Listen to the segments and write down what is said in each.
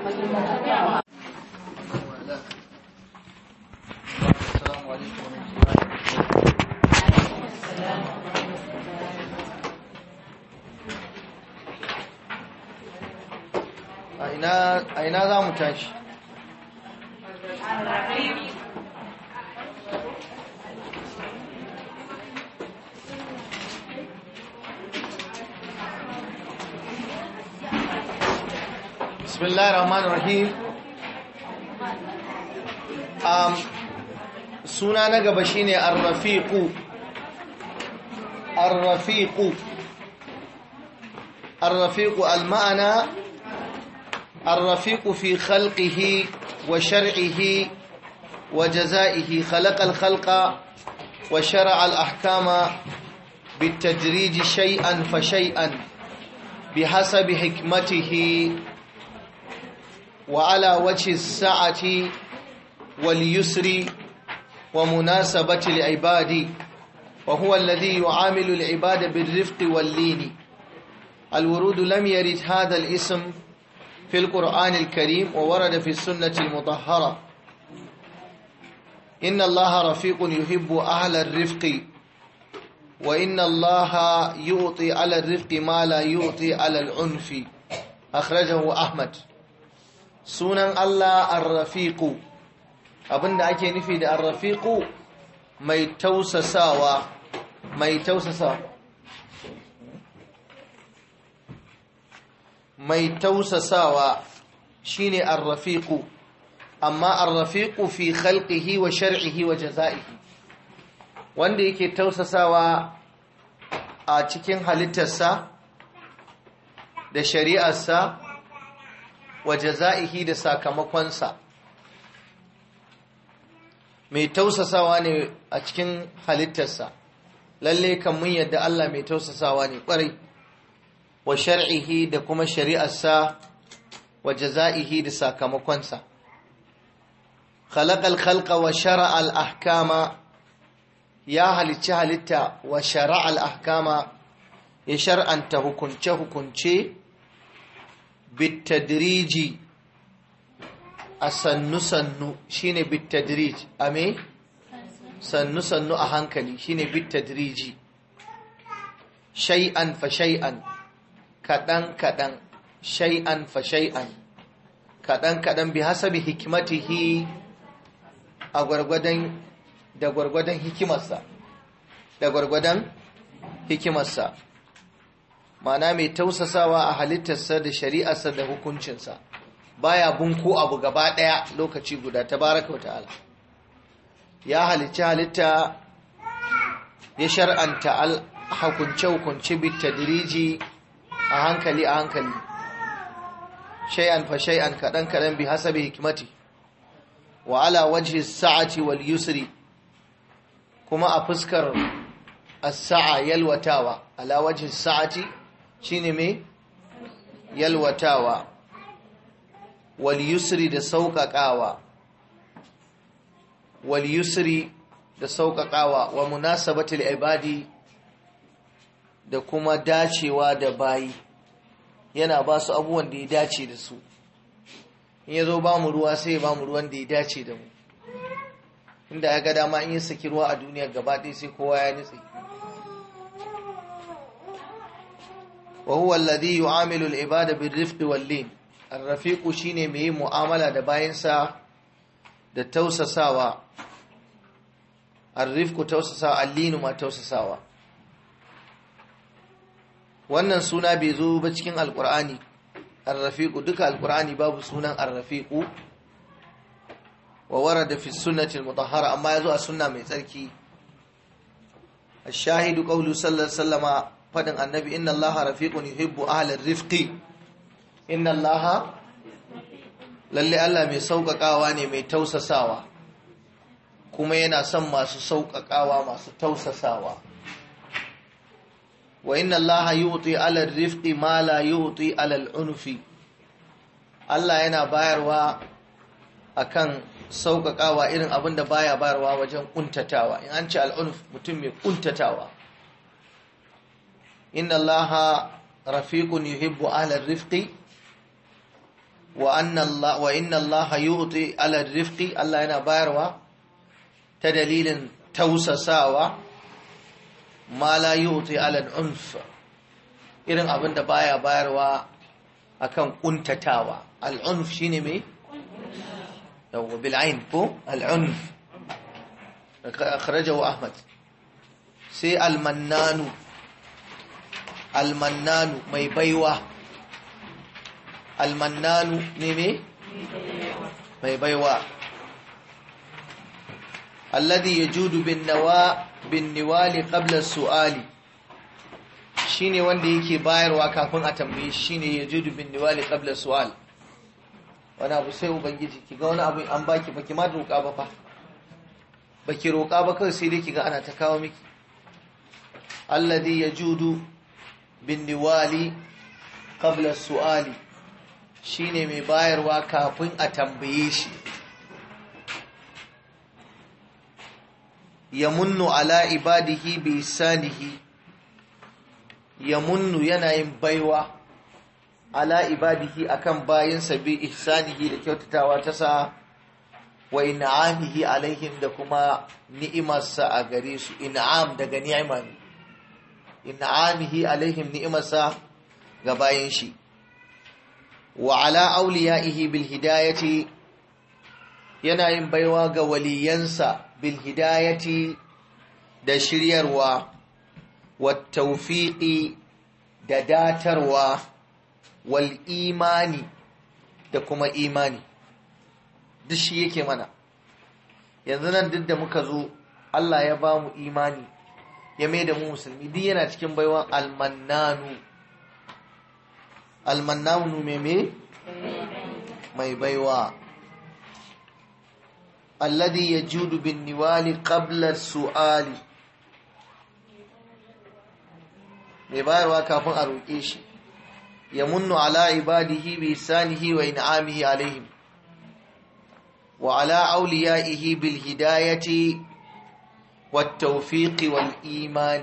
a ina za mu tashi Um, suna na gaba shine arrafiqu arrafiqu arrafiqu alma'ana arrafiqu fi khalqihi wa shar'ihi wa jazaihi khalaqa alkhalqa wa shar'a alahkama بالتدريج شيئا فشيئا بحسب حكمته وعلى وجه السعة واليسر ومناسبة العباد وهو الذي يعامل العباد بالرفق واللين الورود لم يرد هذا الاسم في القرآن الكريم وورد في السنة المطهرة إن الله رفيق يحب أهل الرفق وإن الله يعطي على الرفق ما لا يعطي على العنف أخرجه أحمد sunan Allah arrafiku abinda ake nufi da arrafiku mai tausasawa mai tausasawa mai tausasawa shine arrafiku amma arrafiku fi khalqihi wa shar'ihi wa jazaihi wanda yake tausasawa a cikin halittarsa da shari'arsa wa jaza'ihi da sakamakonsa mai tausasawa ne a cikin halittarsa lalle kan mun yadda Allah mai tausasawa ne kwarai wa shar'ihi da kuma shari'arsa wa jaza'ihi da sakamakonsa khalaqal khalqa wa shara'al ahkama ya halicci halitta wa shara'al ahkama ya shar'anta hukunce hukunce bitadriji a sannu-sannu shine bitadriji a me? sannu-sannu a hankali shine bitadriji shay'an fa shay'an kaɗan-kaɗan shay'an fa shay'an kaɗan-kaɗan bi hasabi hikimatihi a gwargwadon da gwargwadon hikimarsa da gwargwadon hikimarsa ma'ana mai tausasawa a halittarsa da shari'arsa da hukuncinsa baya bunko abu gaba ɗaya lokaci guda ta tabaraka wata'ala ya halicci halitta ya shar'anta al hukunce-hukunce diriji a hankali a hankali shay'an fa shay'an kaɗan kaɗan bi hasabi hikimati wa ala wajhi sa'ati wal yusri kuma a fuskar as-sa'a yalwatawa ala wajhi sa'ati shine me yalwatawa wal yusri da Saukakawa. wal da Saukakawa wa munasabatul ibadi da kuma dacewa da bayi yana ba su abubuwan da ya dace da su in ya zo ba mu ruwa sai ba mu ruwan da ya dace da mu inda ya ga dama in yi saki ruwa a duniya gaba sai kowa ya nutse wa huwa alladhi yu'amilu al-ibada bir-rifqi wal-lin shine mai yin mu'amala da bayansa da tausasawa tausasawa ma tausasawa wannan suna bai zo ba cikin alqur'ani ar duka Alƙur'ani babu sunan ar-rafiqu wa warada fi sunnati al amma yazo a sunna mai tsarki الشاهد قول صلى الله عليه وسلم fadin annabi inna Allah rafiqun yuhibbu ahlar rifqi inna Allah lalle Allah mai sauƙaƙawa ne mai tausasawa kuma yana son masu sauƙaƙawa masu tausasawa wa inna Allah yuti ala rifqi ma la yuti al unfi Allah yana bayarwa akan sauƙaƙawa irin abin da baya bayarwa wajen kuntatawa in an ce al'unf mutum mai ƙuntatawa. inna allaha rafiqun yuhibbu ahlar rifqi wa anna allah wa inna allaha yu'ti yana bayarwa ta dalilin tausasawa ma la yu'ti ala unf irin abin da baya bayarwa akan kuntatawa al-unf shine me yawa bil al sai al almannanu mai baiwa almannanu ne me mai baiwa alladhi yajudu bin nawa bin niwali qabla su'ali shine wanda yake bayarwa kafin a tambaye shine yajudu bin niwali qabla su'al wani abu sai ubangiji kiga wani abu an baki baki ma roƙa ba fa baki roƙa ba kawai sai dai kiga ana ta kawo miki alladhi yajudu bin niwali qabla su'ali ne mai bayarwa kafin a tambaye shi Ya yamunnu ala ibadihi bi sanihi yamunnu yana yin baiwa ala ibadihi akan bayinsa bi ihsanihi da kyautatawa ta sa wa in'amihi alaihim da kuma ni'imarsa a gare su in'am daga ni'ima amihi alaihim ni'imarsa ga bayan shi wa ala auliya'ihi bil hidayati yana yin baiwa ga waliyansa bil hidayati da shiryarwa wa tawfiqi da datarwa wal imani da kuma imani duk shi yake mana yanzu nan duk da muka zo Allah ya ba mu imani ya mai da mu musulmi duk yana cikin baiwan almannanu almannanu mai baiwa alladhi yajudu bin niwali qabla su'ali mai bayarwa kafin a roƙe shi ya munnu ala ibadihi bi sanihi wa in'amihi alaihim wa ala auliyaihi bil hidayati والتوفيق والإيمان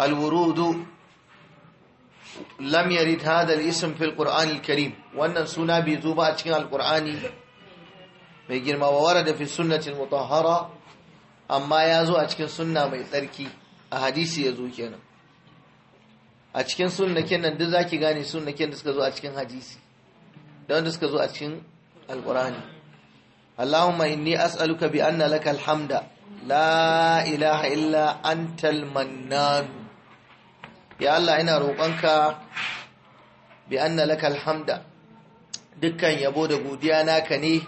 الورود لم يرد هذا الاسم في القرآن الكريم وأن سنة بذوبة أتكين القرآن بيجرما وورد في السنة المطهرة أما يازو أتكين سنة ميتركي أحاديث يزو كينا أتكين سنة كينا دذاكي غاني سنة كينا دسكزو أتكين حديث دون دسكزو أتكين القرآن اللهم إني أسألك بأن لك الحمد la ilaha illa antal mannan ya Allah ina roƙonka bi anna lakal hamda dukkan yabo da godiya naka ne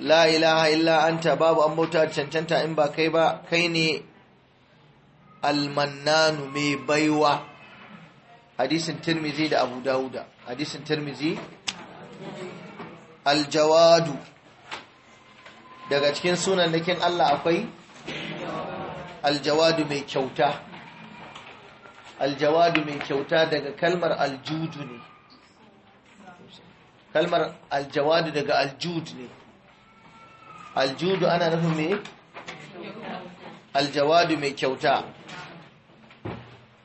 la ilaha illa ta babu an bauta cancanta in ba kai ba kai ne Almananu mai baiwa hadisin Turmizi da abu dauda hadisin Turmizi. aljawadu daga cikin sunan nakin Allah akwai aljawadu mai kyauta aljawadu mai kyauta daga kalmar aljudu ne kalmar aljawadu daga aljud ne aljudu ana nufin me aljawadu mai kyauta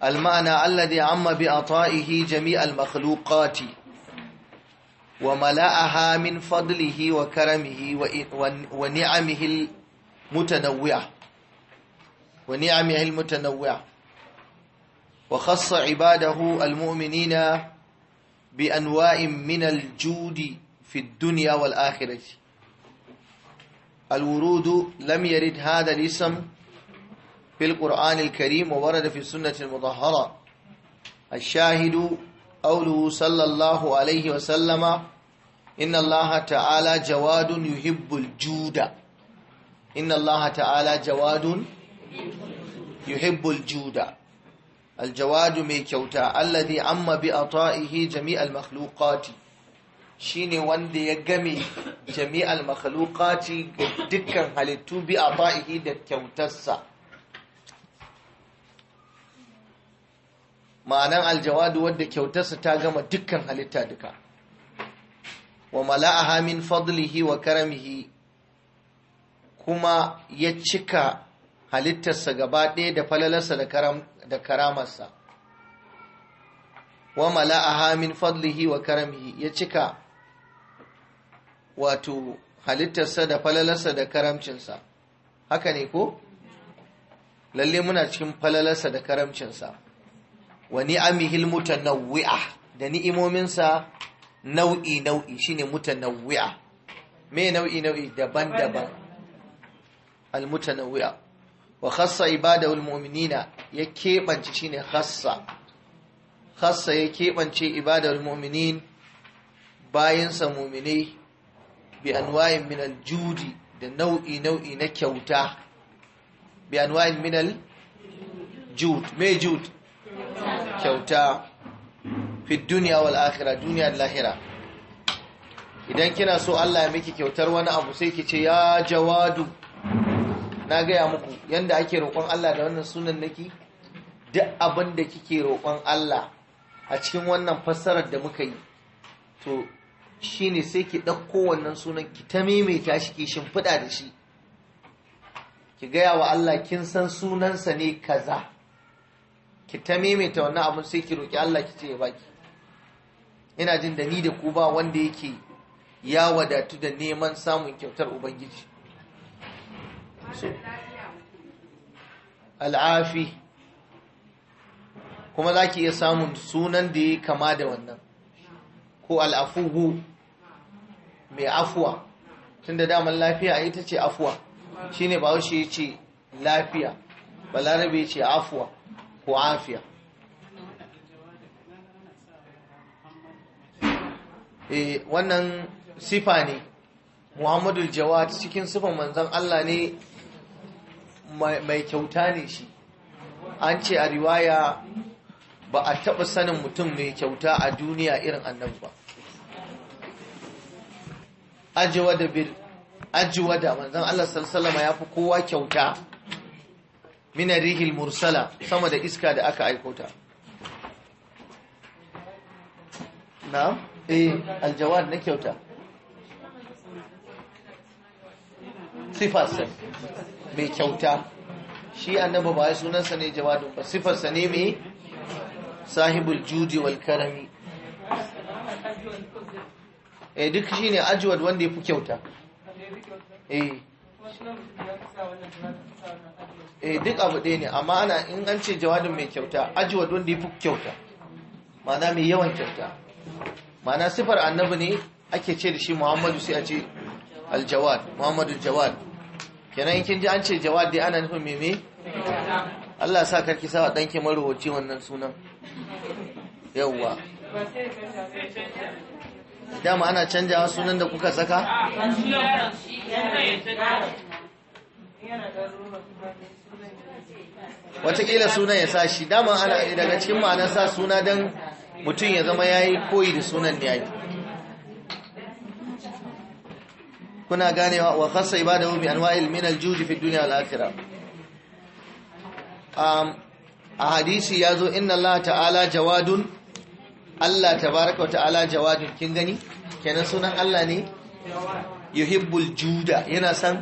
alma'ana alladhi amma bi ata'ihi jami'al makhluqati wa mala'aha min fadlihi wa karamihi wa ni'amihi mutanawwi'a wa ni'amihi mutanawwi'a wa khassa ibadahu almu'minina bi anwa'in min aljudi fi wal akhirati الورود لم يرد هذا الاسم في القرآن الكريم وورد في السنة المطهرة الشاهد قوله صلى الله عليه وسلم إن الله تعالى جواد يحب الجود إن الله تعالى جواد يحب الجود الجواد مي كيوتا الذي عم بأطائه جميع المخلوقات shine wanda ya game jami'al makhluqati ga dukkan halittu bi ata'ihi da kyautarsa ma'anan aljawadu wadda kyautarsa ta gama dukkan halitta duka wa mala'aha min fadlihi wa karamihi kuma ya cika halittarsa gaba ɗaya da falalarsa da karamarsa wa mala'aha min fadlihi wa karamihi ya cika wato halittarsa da falalarsa da karamcinsa haka ne ko lalle muna cikin falalarsa da karamcinsa wa ni'amihil mutanawwi'a da ni'imominsa nau'i nau'i shine mutanawwi'a me nau'i nau'i daban-daban al mutanawwi'a wa khassa ibadahul mu'minina ya keɓance shine khassa khassa ya keɓance ibadahul mu'minin bayansa mu'minai bi anwa'in min al judi da nau'i nau'i na kyauta bi anwa'in min al jud me jud kyauta fi duniya wal akhirah duniya da lahira idan kina so Allah ya miki kyautar wani abu sai ki ce ya jawadu na gaya muku yanda ake roƙon Allah da wannan sunan naki duk abin da kike roƙon Allah a cikin wannan fassarar da muka yi to shine sai ki ɗauko wannan sunan ki ta maimaita shi ki shimfiɗa da shi ki gaya wa Allah kin san sunansa ne kaza ki ta maimaita wannan abin sai ki roƙi Allah ki ce ya baki ina jin da ni da ku ba wanda yake ya wadatu da neman samun kyautar ubangiji al'afi kuma za ki iya samun sunan da ya kama da wannan ko al'afuhu mai afuwa tun da daman lafiya ita ce afuwa shine ba ya ce lafiya balarabe ce afuwa afiya eh wannan sifa ne Muhammadu jawad cikin sifan manzan Allah ne mai kyauta ne shi an ce a riwaya ba a taɓa sanin mutum mai kyauta a duniya irin annabi ba ajiwa da manzan Allah salsalama ya fi kowa kyauta min rihil mursala sama da iska da aka aikota na eh aljawad na kyauta sifarsa mai kyauta shi annaba ba sunansa ne jawadun ba sifarsa ne mai sahibul judi wal karami eh duk shine ajwad wanda ya fi kyauta eh eh duk abu ɗaya ne amma ana in an ce jawabin mai kyauta ajiwa don da ya fi kyauta ma'ana mai yawan kyauta ma'ana sifar annabi ne ake ce da shi muhammadu sai a ce aljawad muhammadu jawad kenan yankin kin ji an ce jawad dai ana nufin mime? Allah sa karki sa wa ɗanke marubuci wannan sunan yawwa dama ana canjawa sunan da kuka saka watakila sunan ya sa shi dama ana daga cikin ma'anar sa suna don mutum ya zama ya yi koyi da sunan da ya kuna ganewa wa khassa ibadahu bi anwa'il min al-juj fi dunya wal akhirah um, a hadisi yazo inna Allah ta'ala jawadun Allah tabaraka wa ta'ala jawadun kin gani kenan sunan Allah ne yuhibbul juda yana san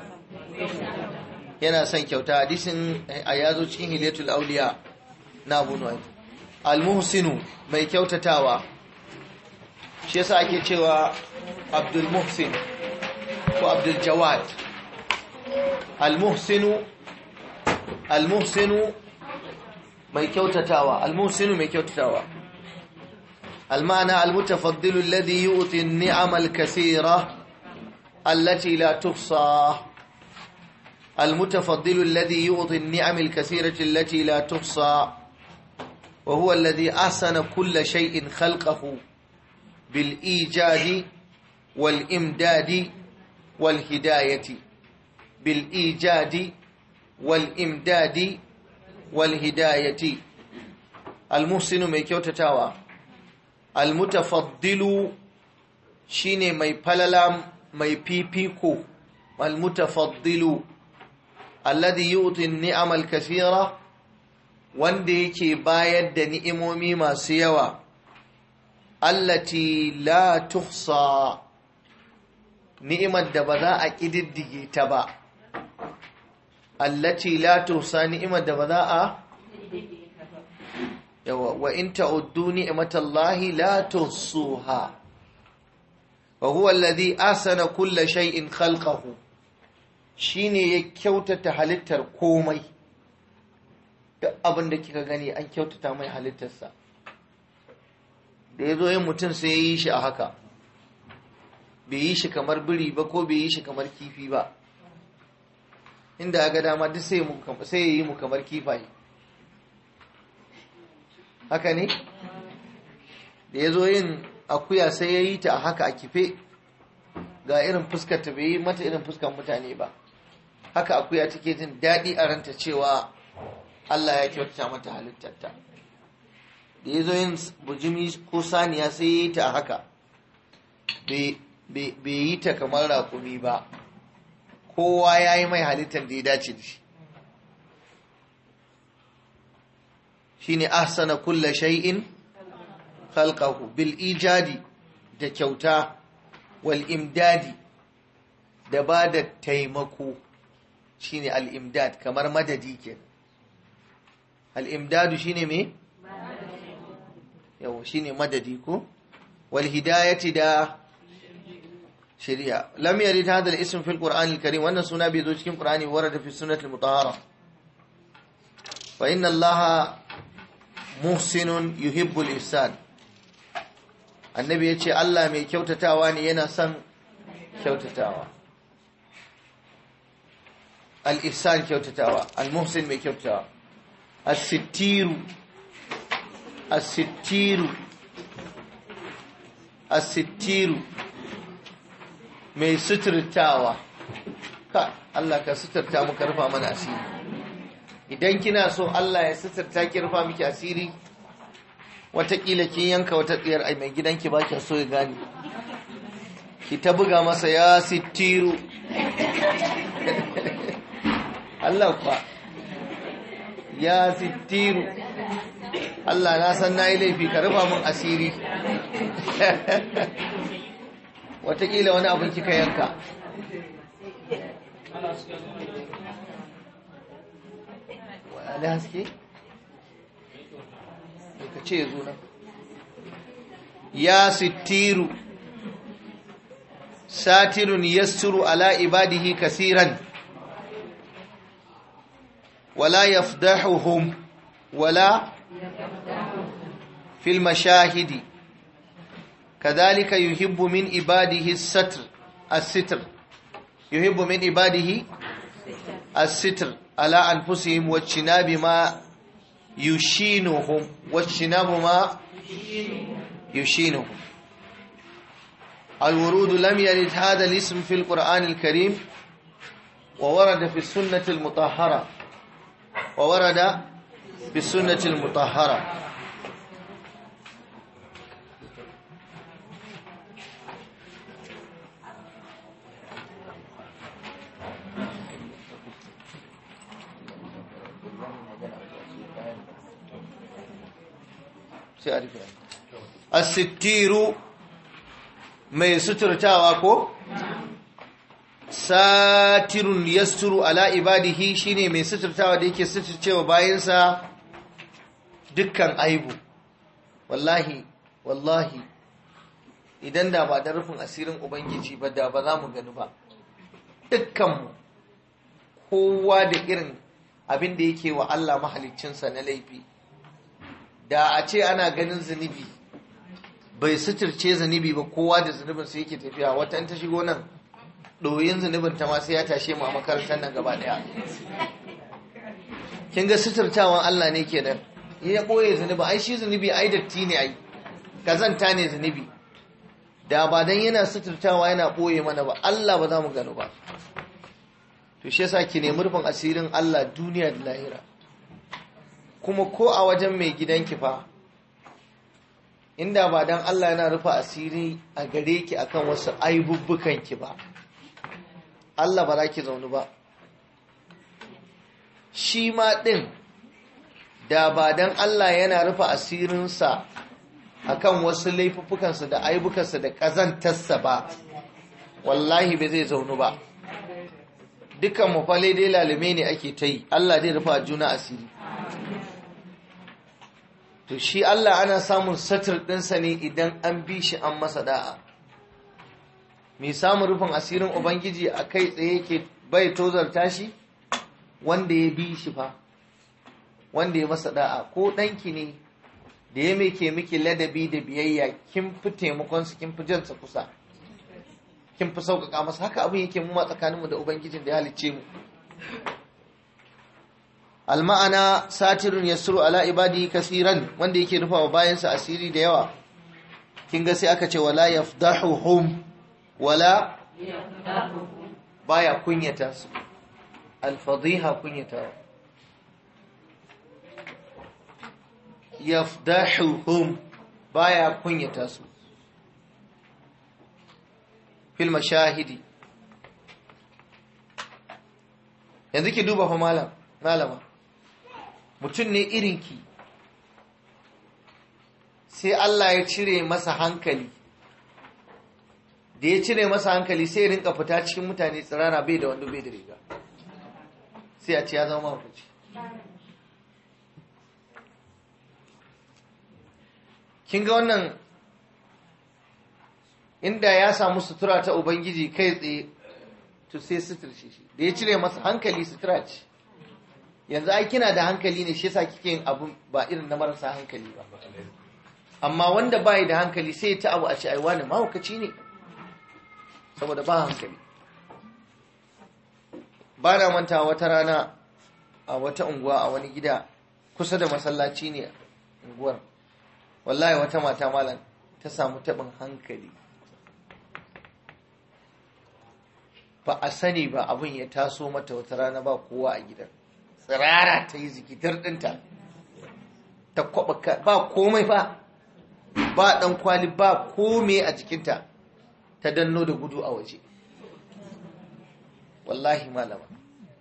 yana san kyauta hadisin a eh, yazo cikin hilatul auliya na Abu nuwai al-muhsinu mai kyautatawa shi yasa ake cewa Abdul Muhsin ko Abdul Jawad almuhsinu almuhsinu mai kyautatawa al-muhsinu mai kyautatawa المعنى المتفضل الذي يؤتي النعم الكثيرة التي لا تحصى المتفضل الذي يؤتي النعم الكثيرة التي لا تحصى وهو الذي أحسن كل شيء خلقه بالإيجاد والإمداد والهداية بالإيجاد والإمداد والهداية المحسن تتاوى almutafaddilu shine mai falala mai fifiko almutafaddilu alladhi yu'ti ni'am al-kaseera wanda yake bayar da ni'imomi masu yawa allati la tuhsa ni'imar da ba za a kididdige ta ba allati la tuhsa ni'imar da ba za a yawa wa in ta'uddu Lahi la tuhsuha wa huwa alladhi asana kulla shay'in khalqahu shine ya kyautata halittar komai duk abin da kika gani an kyautata mai halittarsa da ya zo yin mutum sai ya yi shi a haka bai yi shi kamar biri ba ko bai yi shi kamar kifi ba inda aga dama duk sai ya yi mu kamar kifaye haka ne da ya zo yin akuya sai ya yi ta a haka a kife ga irin fuskar ta bai yi mata irin fuskar mutane ba haka akuya take jin daɗi a ranta cewa Allah ya kyauta mata halittarta da ya zo yin bujimi ko saniya sai ya yi ta haka bai yi ta kamar rakumi ba kowa ya yi mai halittar da ya dace da shi shine ahsana kulla shay'in khalqahu bil ijadi da kyauta wal imdadi da ba da taimako shine al imdad kamar madadi ke al imdadu shine me yawa shine madadi ko wal hidayati da shari'a lam yarid hadha al ism fil qur'an al karim wannan suna bai zo cikin qur'ani warada fi sunnati al mutahhara fa inna allaha muhsinun yuhibbul ifsad annabi ya ce Allah mai kyautatawa ne yana son kyautatawa al-ifsad kyautatawa al-muhsin mai kyautatawa as-sittiru as-sittiru as-sittiru mai suturtawa ka Allah ka suturta mu karfa mana asiri idan kina so Allah ya ta ki rufa miki asiri watakila kin yanka wata tsiyar ai mai gidanki ba kya so ya gane ki ta buga masa ya sitiru Allah kwa ya sitiru Allah na san na yi laifi ka rufa mun asiri watakila wani abin kika yanka da haske ka ce zo ya sitiru satirun yasturu ala ibadihi kasiran wala yafdahuhum wala fil mashahidi كذلك يحب a sitr الستر الستر يحب من عباده الستر على أنفسهم واجتناب ما يشينهم واجتناب ما يشينهم الورود لم يرد هذا الاسم في القرآن الكريم وورد في السنة المطهرة وورد في السنة المطهرة sai a rufe asittiru mai suturtawa ko satirun yasturu ala ibadihi shine mai suturtawa da yake suturcewa bayansa dukkan aibu wallahi wallahi idan da ba da rufin asirin ubangiji ba da ba za mu gani ba dukkanmu kowa da irin abin da yake wa Allah mahaliccinsa na laifi da a ce ana ganin zunubi bai suturce zunubi ba kowa da zunubin su yake tafiya wata ta shigo nan ɗoyin zunubin ta masu ya tashe mu a makarantar nan gaba ɗaya kin ga suturtawan Allah ne kenan ya ɓoye zunubi ai shi zunubi ai datti ne ai kazanta ne zunubi da ba dan yana suturtawa yana ɓoye mana ba Allah ba za mu gano ba to shi yasa ki nemi rufin asirin Allah duniya da lahira kuma ko a wajen mai gidanki fa inda ba don Allah yana rufa asiri a gare ki akan wasu aibubbukanki ba Allah ba za ki zaunu ba shi ma din da ba don Allah yana rufa asirinsa akan wasu laifuffukansa da aibukansa da ƙazantarsa ba wallahi ba zai zaunu ba dukan mafalai dai lalume ne ake ta yi Allah zai rufa juna asiri to shi Allah ana samun satir ɗinsa ne idan an bi shi an masa da'a mai samun rufin asirin ubangiji a kai tsaye ke bai tozarta shi wanda ya bi shi fa wanda ya masa da'a ko ɗanki ne da ya mai ke miki ladabi da biyayya kin fi taimakonsa kin fi jansa kusa kin fi sauƙaƙa masa haka abin yake mu ma tsakaninmu da ubangijin da ya halicce mu alma'ana satirun suru ala ibadi kasiran wanda yake rufa wa bayansa asiri da yawa kin ga sai aka ce wala yafdahuhum wala baya kunyata su alfadhiha kunyata yafdahuhum baya kunyata su fil mashahidi yanzu ki duba fa malam malama mutum ne irinki sai Allah ya cire masa hankali da ya cire masa hankali sai ya rinka fita cikin mutane tsirara bai da wanda bai da riga sai a ce ya zama mafuci kin ga wannan inda ya samu sutura ta ubangiji kai tsaye to sai suturce shi da ya cire masa hankali sutura ce yanzu ai kina da hankali ne shi yasa kike yin abu ba irin na marasa hankali ba amma wanda bai da hankali sai ta abu a shi ai wani mahaukaci ne saboda ba hankali ba na manta wata rana a wata unguwa a wani gida kusa da masallaci ne unguwar wallahi wata mata malam ta samu taɓin hankali ba a sani ba abin ya taso mata wata rana ba kowa a gidan tsirara ta yi zikitar ɗinta ta kwaɓa ba komai ba ba ɗan kwali ba komai a jikinta ta danno da gudu a waje wallahi malama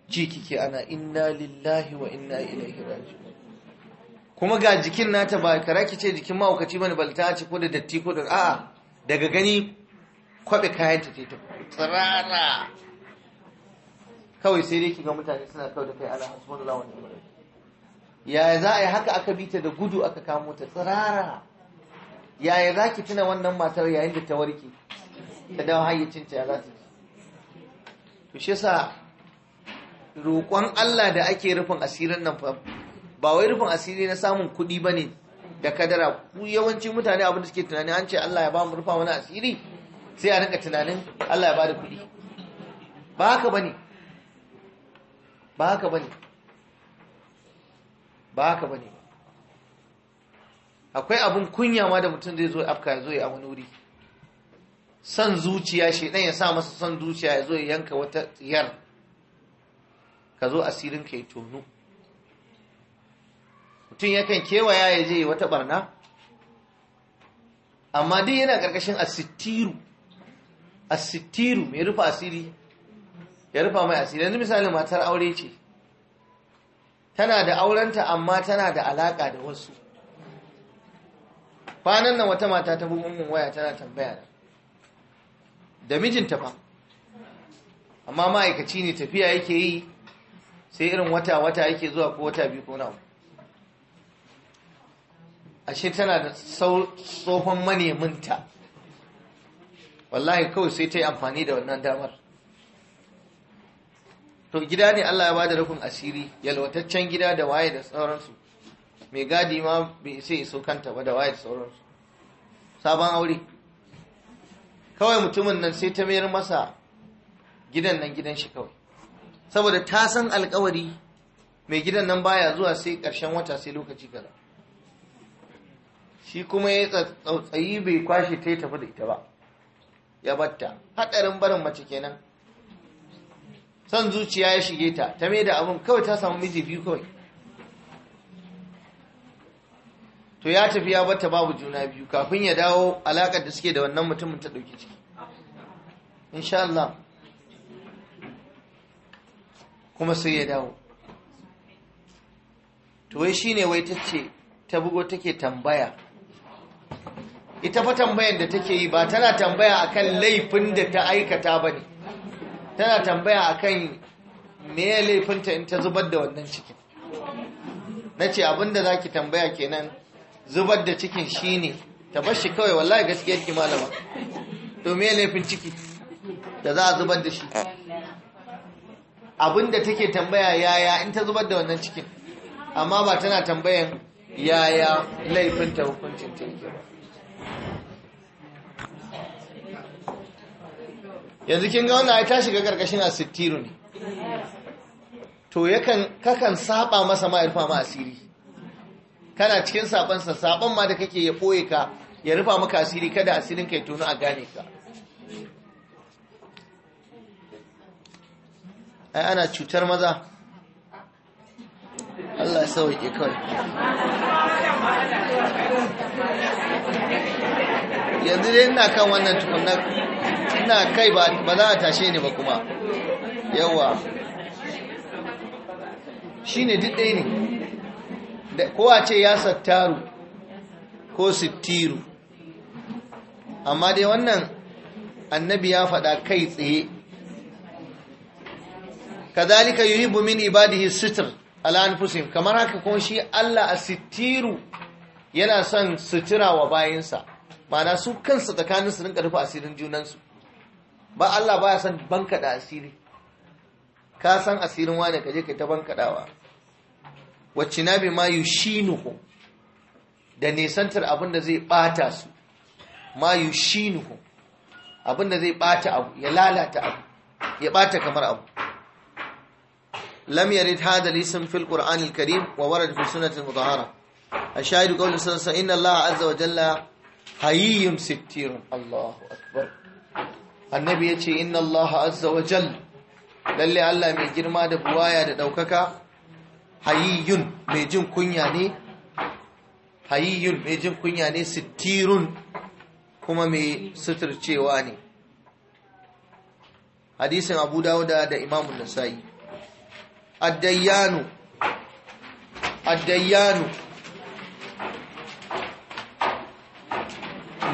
ji kike ana inna lillahi wa inna ilaihi raji kuma ga jikin nata ba kara ki ce jikin mahaukaci bane balta ce ko da datti ko da a'a daga gani kwaɓe kayan ta ta tsirara kawai sai dai kiga mutane suna kawai da kai ala hasbunallahu wa ni'mal yaya za a yi haka aka bi ta da gudu aka kamo ta tsirara yaya za ki tuna wannan matar yayin da ta warke ta dawo hayyacinta ya za ta to shi yasa roƙon Allah da ake rufin asirin nan fa ba wai rufin asiri na samun kuɗi bane da kadara ku yawancin mutane abin da suke tunani an ce Allah ya ba mu rufa wani asiri sai a rinka tunanin Allah ya ba da kuɗi ba haka bane ba haka bane ba haka bane akwai abin kunya ma da mutum zai zo afka ya zo ya wani wuri San zuciya shi dan ya sa masa son zuciya ya zo ya yanka wata tsiyar ka zo asirin ka ya tonu mutum yakan kewaya ya je wata barna amma duk yana karkashin asitiru asitiru mai rufe asiri ya rufa mai asiri yanzu misalin matar aure ce tana da aurenta amma tana da alaka da wasu kwanan nan wata mata ta bugun waya tana tambaya da mijinta fa amma ma'aikaci ne tafiya yake yi sai irin wata-wata yake zuwa ko wata biyu ko na ashe tana da tsohon maneminta wallahi kawai sai ta yi amfani da wannan damar to gida ne Allah ya ba da rufin asiri yalwataccen gida da waye da sauransu mai gadi ma bai sai so kanta ba da waye da sauransu sabon aure kawai mutumin nan sai ta mayar masa gidan nan gidan shi kawai saboda ta san alkawari mai gidan nan baya zuwa sai karshen wata sai lokaci kaza shi kuma ya tsautsayi bai kwashe ta yi tafi da ita ba ya batta haɗarin barin mace kenan son zuciya ya shige ta ta mai da abin kawai ta samu miji biyu kawai to ya tafi ya bata babu juna biyu kafin ya dawo alakar da suke da wannan mutumin ta ɗauki ciki insha Allah kuma sai ya dawo to wai ne wai ta ce ta bugo take tambaya ita fa tambayar da take yi ba tana tambaya akan laifin da ta aikata ba ne tana tambaya akan me ya laifinta in ta zubar da wannan cikin na ce abinda za ki tambaya kenan zubar da cikin shi ne ta bar shi kawai wallahi gaskiyar ki malama to me laifin ciki da za a zubar da shi abinda take tambaya yaya in ta zubar da wannan cikin amma ba tana tambayan yaya laifinta hukuncin ta yake ba yanzu kin ga wannan ya ga shiga karkashin sittiru ne to yakan kakan saba masa ma rufa ma asiri kana cikin saban sa saban ma da kake ya boye ka ya rufa maka asiri kada asirin kai tuno a gane ka ai ana cutar maza Allah ya sauke kawai yanzu dai ina kan wannan tukunna ina kai ba za a tashe ni ba kuma yawa shi ne duk ɗaya ne kowa ce ya sattaru ko sittiru amma dai wannan annabi ya faɗa kai tsaye kazalika yuhibbu min ibadihi sitr ala anfusihim kamar haka kuma shi Allah a sittiru yana son sutura wa bayansa. ma'ana su kansu tsakanin su rinka rufe asirin junansu ba Allah baya san bankada asiri ka san asirin wani kaje kai ta bankadawa wacce na bi ma yushinuhu da nisantar abinda zai bata su ma yushinuhu abin abinda zai bata abu ya lalata abu ya bata kamar abu lam yarid hada lisan fil al karim wa warad fi al mutahhara ashhadu qawlu sallallahu alaihi wa sallam inna allaha azza wa jalla hayyun sittirun Allahu akbar annabi yace inna Allah azza wa jal lalle Allah mai girma da buwaya da daukaka hayyun mai jin kunya ne hayyun mai jin kunya ne sittirun kuma mai suturcewa ne hadisin Abu Dawuda da Imam Nasayi. ad-dayyanu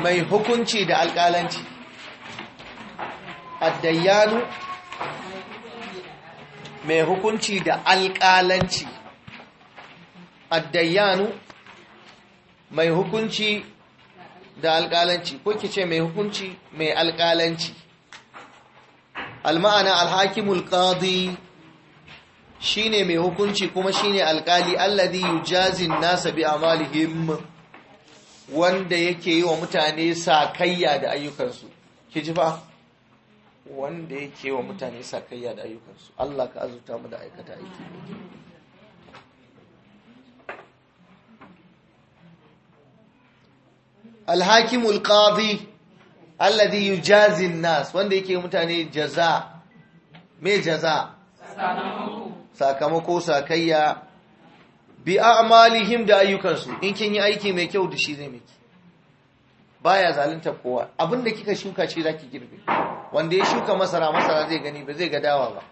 mai hukunci da alƙalanci addayyanu mai hukunci da alƙalanci addayyanu mai hukunci da alƙalanci ko ki ce mai hukunci mai alƙalanci alma'ana alhakimul qadi shine mai hukunci kuma shine alƙali alladhi yujazin nasa bi amalihim wanda yake yi wa mutane sakayya da ayyukansu ki ji ba wanda yake yi wa mutane sakayya da ayyukansu Allah ka azurta mu da aikata aiki alhakimu alqadi alladhi yujazi nas wanda yake mutane jaza me jaza sakamako sakayya bi a'malihim da ayyukansu in kin yi aiki mai kyau da shi zai miki baya zalunta kowa abin da kika shuka shi zaki girbe wanda ya shuka masara masara zai gani ba zai ga dawa ba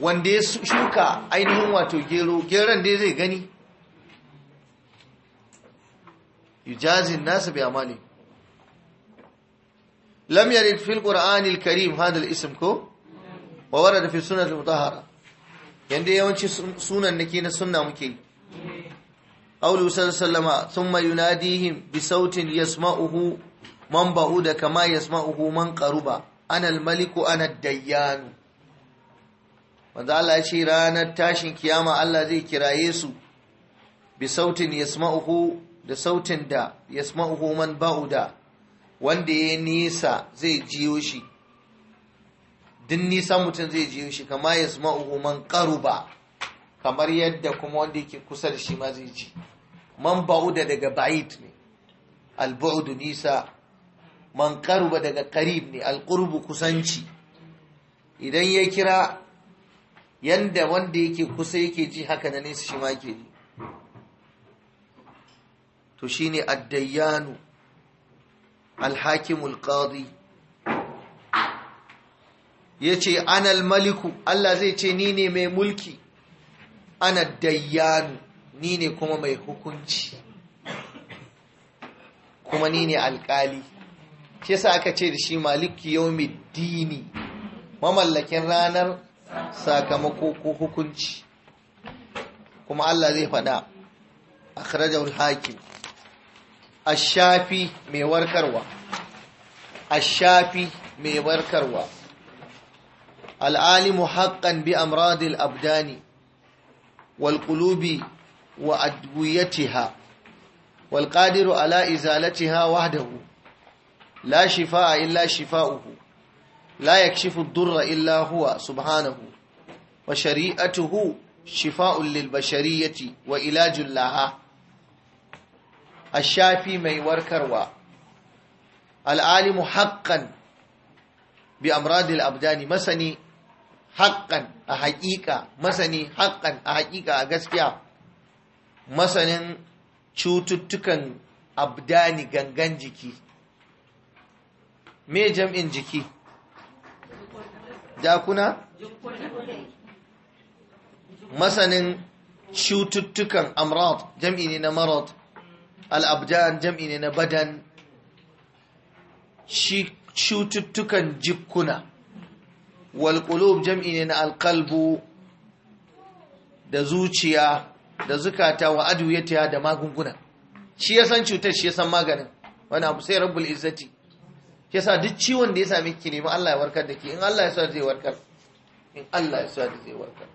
wanda ya shuka ainihin wato gero geron dai zai gani yujazin nasu bi amali lam yarid fil qur'anil karim hadha al ism ko wa warada fi sunnah al mutahhara yanda yawanci sunan nake na sunna muke yi qawlu sallama thumma yunadihim bi sautin yasma'uhu man ba'uda kama yasma'uhu man qaruba ana al-maliku ana ad-dayyan Allah ya ce ranar tashin kiyama Allah zai kiraye su bi sautin yasma'uhu da sautin da yasma'uhu man ba'uda wanda ya nisa zai jiyo shi Dun nisan mutum zai ji shi kama ya zama man ba, kamar yadda kuma wanda yake kusa da shi ma zai ji man ba'uda daga ba'id ne al-bu'du nisa man ba daga karib ne al-qurbu kusanci idan ya kira yanda wanda yake kusa yake ji haka na nesa shi ma yake ji to shine ad-dayyanu al-hakimul qadi ya ce anal maliku Allah zai ce ni ne mai mulki ana dayyanu ni ne kuma mai hukunci kuma ni ne alkali shi sa aka ce da shi maliki yau dini mamallakin ranar sakamako ko hukunci kuma Allah zai faɗa a kharajar hakim a shafi mai warkarwa a shafi mai warkarwa العالم حقا بأمراض الأبدان والقلوب وأدويتها والقادر على إزالتها وحده لا شفاء إلا شفاؤه لا يكشف الضر إلا هو سبحانه وشريعته شفاء للبشرية وإلاج لها الشافي مي وركروا العالم حقا بأمراض الأبدان مسني haƙƙan a haƙiƙa masani haƙƙan a haƙiƙa a gaskiya masanin cututtukan abdani gangan jiki me jam'in jiki jakuna masanin cututtukan amrat jam'i ne na marat al'abdan jam'i ne na badan cututtukan jikuna walƙulub jam'i ne na alƙalbu da zuciya da zukata wa aduyata da magunguna shi ya san cutar shi ya san maganin wani abu sai rabbul izzati ya sa duk ciwon da ya sami ki nema Allah ya warkar da ke? in Allah ya sa zai warkar in Allah ya sa zai warkar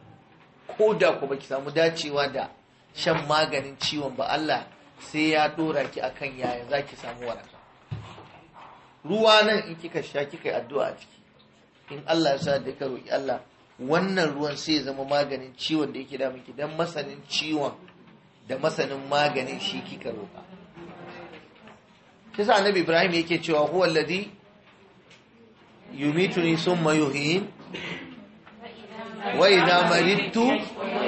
ko da ku ki samu dacewa da shan maganin ciwon ba Allah sai ya dora ki akan yaya ki samu waraka ruwa nan in kika sha kika yi addu'a a ciki in Allah ya sa da ka roƙi Allah wannan ruwan sai ya zama maganin ciwon da yake damun ki dan masanin ciwon da masanin maganin shi kika roƙa. kisa annabi Ibrahim yake cewa huwa alladhi yumituni summa yuhyin wa idha maridtu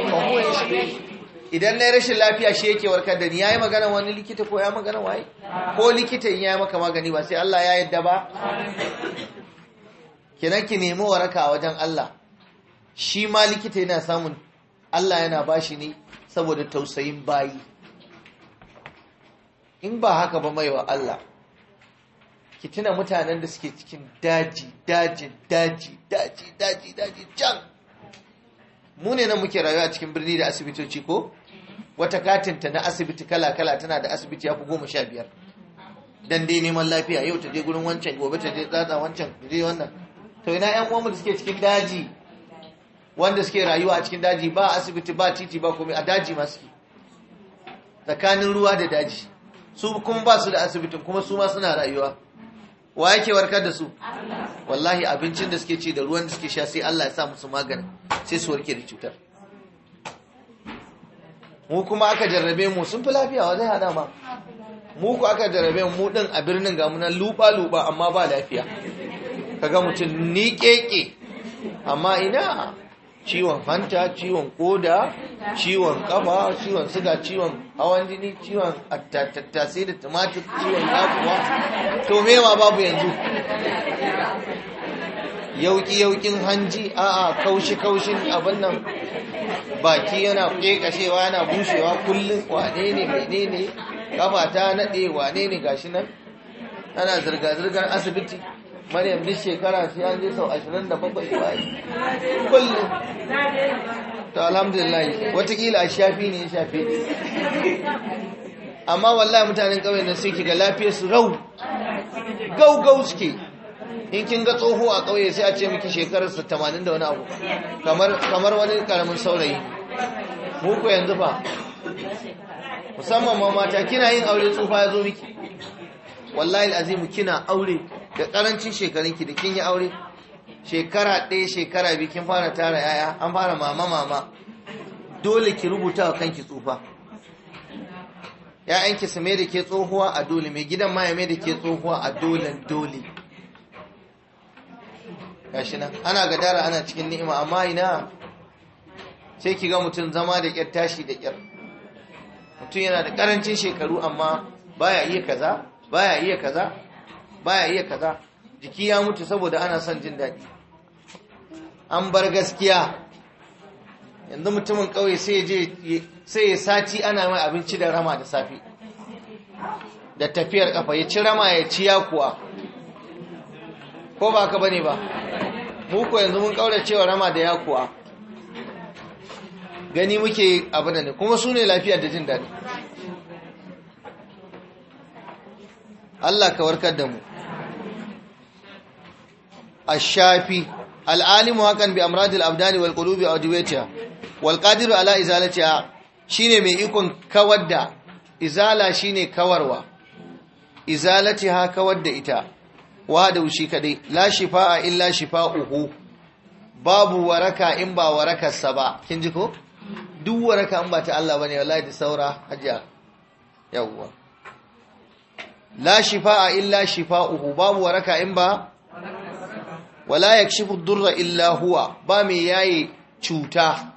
fa huwa yashfi idan na rashin lafiya shi yake warkar da ni yayi magana wani likita ko ya magana wai ko likita ya yayi maka magani ba sai Allah ya yadda ba kenan ki nemi waraka wajen Allah shi ma likita yana samun Allah yana bashi ne saboda tausayin bayi in ba haka ba maiwa Allah ki tuna mutanen da suke cikin daji daji daji daji daji daji can mu ne nan muke rayuwa cikin birni da asibitoci ko wata katinta na asibiti kala-kala tana da asibiti ya fi goma sha biyar dan dai neman lafiya yau ta je gurin wancan gobe ta je tsatsa wancan je wannan to ina yan uwanmu da suke cikin daji wanda suke rayuwa a cikin daji ba asibiti ba titi ba komai a daji ma suke tsakanin ruwa da daji su kuma ba su da asibitin kuma su ma suna rayuwa wa yake warkar da su wallahi abincin da suke ci da ruwan da suke sha sai Allah ya sa musu magana, sai su warke da cutar mu kuma aka jarrabe mu sun fi lafiya wa zai hada ma mu ku aka jarrabe mu din a birnin ga muna luba luba amma ba lafiya kaga mutum ni keke amma ina ciwon hanta ciwon koda ciwon kafa ciwon suga ciwon hawan jini ciwon tattasai da tumatir ciwon yakuwa to mewa babu yanzu yauki-yaukin hanji a'a kaushi-kaushin abin nan baki yana kashewa yana bushewa kullum wane ne mene ne kafa ta naɗe wane ne gashi nan ana zirga-zirgar asibiti maryam duk shekara sai an je sau 27 yi. kullum to alhamdulillah watakila a shafi ne ya shafi amma wallahi mutanen ƙauyen nan sai ga lafiyar su rau gau gau suke in kin ga tsoho a ƙauye sai a ce miki shekarar su 80 da wani abu kamar kamar wani karamin saurayi muku yanzu fa musamman ma mata kina yin aure tsufa ya zo miki wallahi azimu kina aure da karancin shekarun ki da kin yi aure shekara ɗaya shekara biyu kin fara tara yaya an fara mama mama dole ki rubuta wa kanki tsufa ‘ya'yanki su mai da ke tsohuwa a dole mai gidan ma ya mai da ke tsohuwa a dolen dole gashi nan ana gadara ana cikin ni'ima amma ina sai ki ga mutum zama da ƙyar tashi da ƙyar mutum yana da ƙarancin shekaru amma baya iya kaza baya iya kaza baya iya kaza jiki ya mutu saboda ana son jin daɗi an bar gaskiya yanzu mutumin ƙauye sai ya je sati ana mai abinci da rama da safi da tafiyar kafa ya ci rama ya ci yakuwa ko ba ka bane ba muku yanzu mun ƙaura cewa rama da yakuwa gani muke abin ne kuma su ne lafiya da jin daɗi Allah ka warkar da mu ash-shafi al hakan bi amradil abdani wal qulubi aw diwatiha wal qadiru ala izalatiha shine mai ikon kawar da izala shine kawarwa izalatiha kawar da ita wa da kadai la shifaa illa shifauhu babu waraka in ba warakarsa ba kin ji ko duk waraka in ba ta Allah bane wallahi da saura hajiya yawwa la shifa'a illa shifa'uhu babu waraka in ba wala yakshifu durra illa huwa ba mai yayi cuta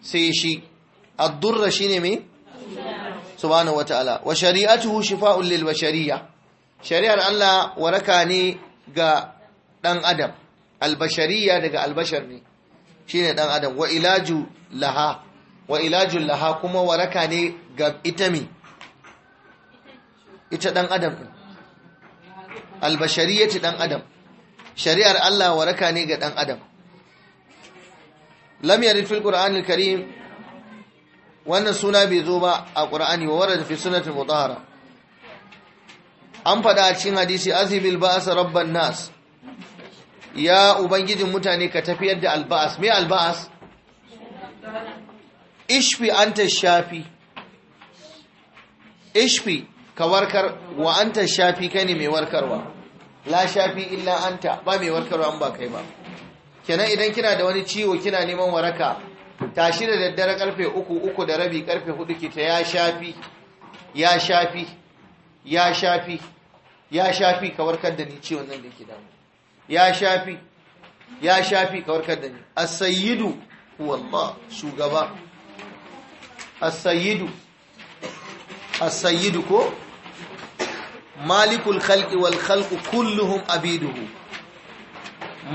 sai shi ad-durra shine me subhanahu wataala wa shari'atuhu shifa'un lil bashariyya shari'ar Allah waraka ne ga dan adam al-bashariyya daga al-bashar ne shine dan adam wa ilaju laha wa ilajul laha kuma waraka ne ga itami ita ɗan adam din albashariyati ɗan adam shari'ar Allah waraka ne ga dan adam lam yarid fil qur'anil karim wannan suna bai zo ba a ƙura'ani wa warar fi sunatul mutahara an faɗa a cikin hadisi azibil ba'as rabban nas ya ubangijin mutane ka tafiyar da alba'as me alba'as ishfi anta shafi ishfi ka warkar wa an ta shafi ka ne mai warkarwa la shafi illa an ta. ba mai warkarwa an ba kai ba kenan idan kina da wani ciwo kina neman waraka tashi da daddare karfe uku uku da rabi karfe hudu ki ta ya shafi ya shafi ya shafi ya shafi ka warkar da ni ciwon nan da ke damu ya shafi ya shafi ka warkar da ni as-sayyidu huwa Allah shugaba as-sayyidu as-sayyidu ko malikul khalqi wal khalqu kulluhum abiduhu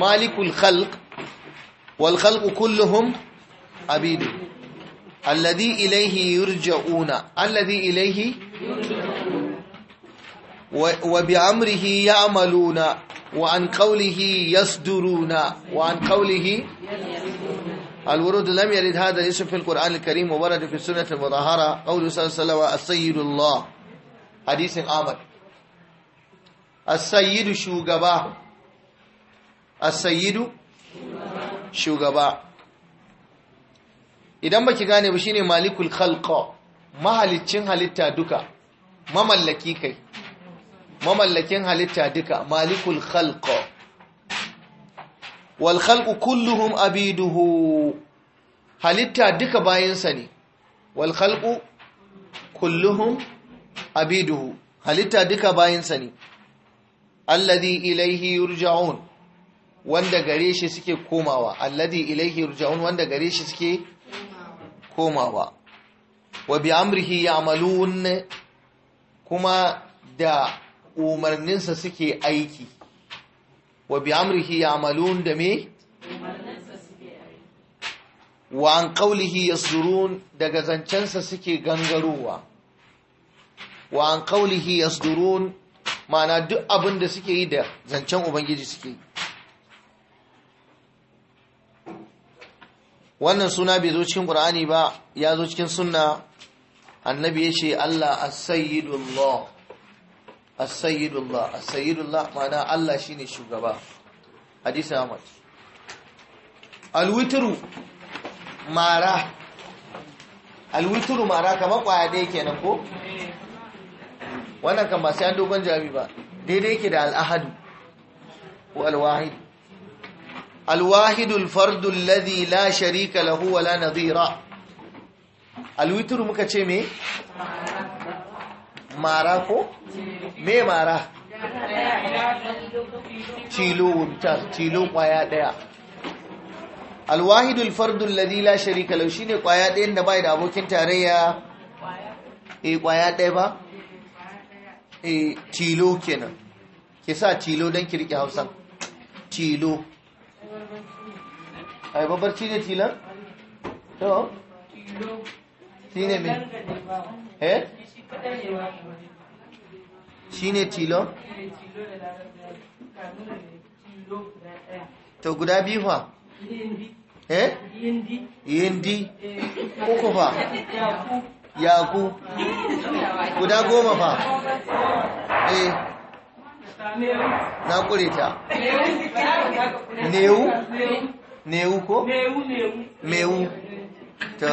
malikul khalq wal khalqu kulluhum abiduhu alladhi ilayhi yurja'una alladhi ilayhi wa bi amrihi ya'maluna wa'ankaulihi yasduruna الورود لم يرد هذا الاسم في القرآن الكريم وورد في السنة المظاهرة قول صلى الله عليه وسلم السيد الله حديث آمد السيد شوغبا السيد شوغبا idan baki gane ba shine malikul khalqa mahalicin halitta duka mamallaki kai mamallakin halitta duka malikul khalqa wal khalqu kulluhum abiduhu halitta duka bayansa ne wal kulluhum abiduhu halitta duka bayansa ne alladhi ilaihi yurja'un wanda gare shi suke komawa alladhi ilaihi yurja'un wanda gare shi suke komawa wa bi amrihi ya'malun kuma da umarninsa suke aiki wa bi amrihi ya'malun da me wa an qawlihi yasdurun daga zancensa suke gangarowa wa an qawlihi yasdurun ma'ana duk abin da suke yi da zancen ubangiji suke yi wannan suna bai zo cikin ƙur'ani ba ya zo cikin sunna annabi ya ce Allah as-sayyidullah as-sayyidullah as-sayyidullah ma'ana Allah shi ne shugaba hadisi Ahmad al-witru mara al-witru mara kamar kwaya dai kenan ko wannan kan ba sai an dogon jami ba daidai yake da al ko al-wahid al-wahid al-fard alladhi la sharika lahu wa la nadhira al-witru muka ce me mara ko me mara tilo wumtar tilo kwaya daya alwahidul fardul Ladila la sharika lahu shine kwaya dayan da bai da abokin tarayya eh kwaya daya ba eh tilo kenan ke sa tilo dan kirki Hausa tilo ai babbarci ne tilan to tilo shine me eh Shine tilo? to guda biyu fa? eh? yindi uku fa? yaku guda goma fa? eh na kure ta newu? newu ko? mewu ta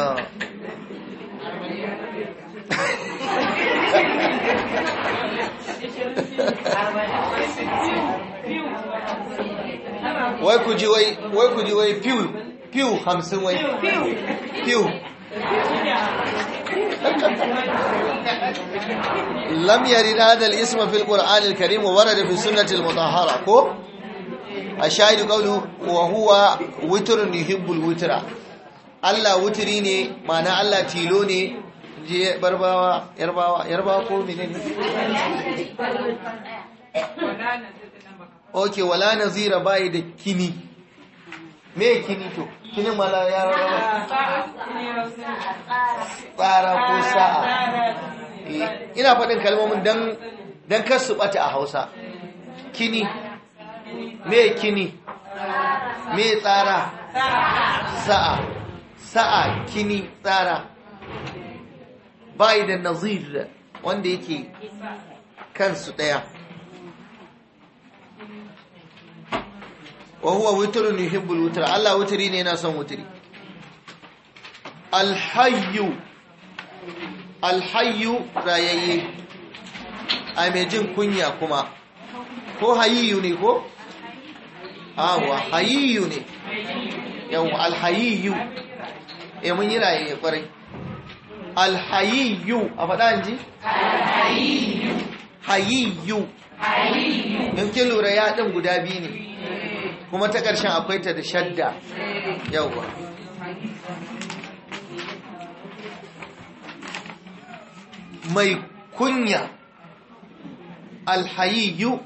ويكو جوي لم يرد هذا الاسم في القرآن الكريم وورد في السنة المطهرة كو الشاهد قوله وهو وتر يحب الوتر الله وتريني معنى الله تيلوني je barbawa yarbawa yarbawa ko ne ok wala nazira bai da kini me kini to kini mala ya rawa tsara ko sa'a eh, ina faɗin kalmomin dan dan kar su bata a Hausa kini me kini me tsara sa'a sa'a kini tsara bai da nazir wanda yake kansu ɗaya wa huwa ne, yuhibbul witr Allah witri ne yana son witri Alhayu alhayyu rayayye a mai jin kunya kuma ko hayiyu ne ko awa hayiyu ne yau alhayyu e mun yi rayayye kwarai alhayiyu a faɗa ji? alhayiyu hayiyu in kin lura ya ɗin guda biyu ne kuma ta ƙarshen akwai ta da shadda ba. mai kunya alhayiyu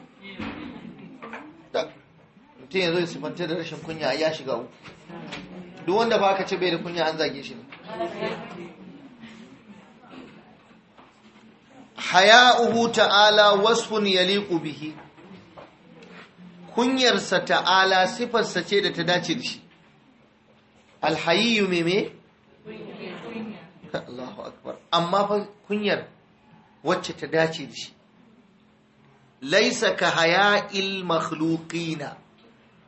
ta yanzu su sifanta da rashin kunya ya shiga uku duk wanda ba ka ce bai da kunya an zage shi ne haya'uhu ta'ala wasfun yaliqu bihi kunyarsa ta'ala sifarsa ce da ta dace da shi alhayiyu meme Allahu akbar amma fa kunyar wacce ta dace da shi laysa ka haya'il makhluqina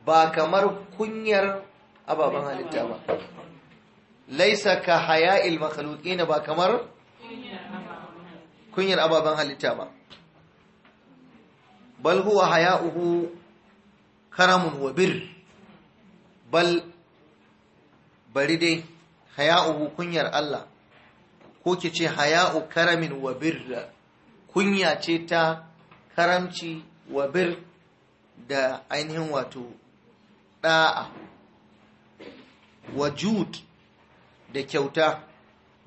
ba kamar kunyar ababan halitta ba laysa ka haya'il makhluqina ba kamar kunyar ababen halitta ba bal huwa haya'uhu karamun wa bal bari dai haya'uhu kunyar Allah ko ki ce haya'u karamin wa bir kunya ce ta karamci wabir bir da ainihin wato da'a wajud da kyauta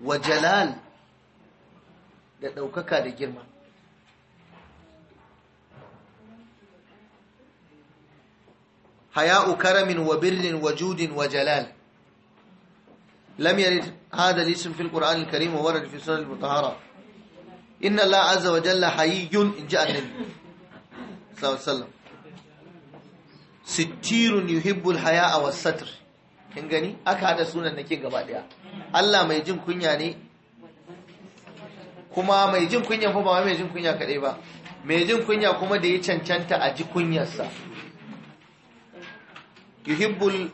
wa jalal da ɗaukaka da girma haya'u karamin wa wa judin wa jalal لم يرد هذا الاسم في القرآن الكريم وورد في سنة المطهرة إن الله عز وجل حيي إن جاء النبي صلى الله عليه وسلم ستير يحب الحياء والستر kin gani aka hada sunan nake gaba daya Allah mai jin kunya ne kuma mai jin kunya fa ba mai jin kunya kadai ba mai jin kunya kuma da ya cancanta a ji kunyarsa yuhibbul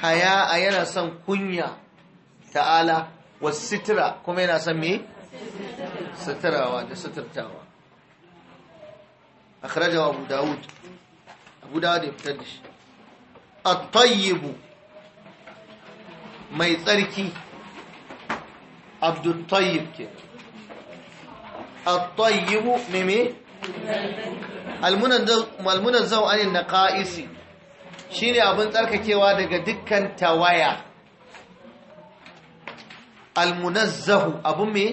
haya'a yana son kunya ta'ala was sitira kuma yana son me sitirawa da sitirtawa akhrajahu abu daud abu daud ya fitar da shi at-tayyib mai tsarki abdul tayyib kenan الطيب ممي المنزه عن النقائص shine abin tsarkakewa daga dukkan tawaya almunazzahu abun me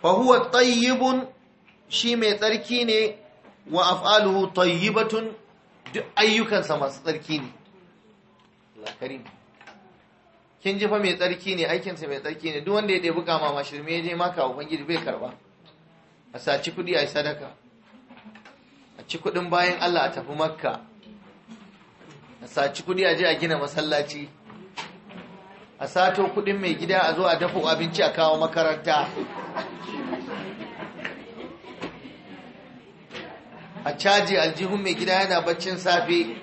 fa huwa shi mai tsarki ne wa af'aluhu tayyibatun duk ayyukansa masu tsarki ne kin ji fa mai tsarki ne aikinsa mai tsarki ne duk wanda ya debi kama ma shirme ya je maka bangiji bai karba a saci kuɗi a yi sadaka a ci kuɗin bayan Allah a tafi makka a saci kuɗi a je a gina masallaci a sato kuɗin mai gida a zo a dafa abinci a kawo makaranta a caji aljihun mai gida yana baccin safe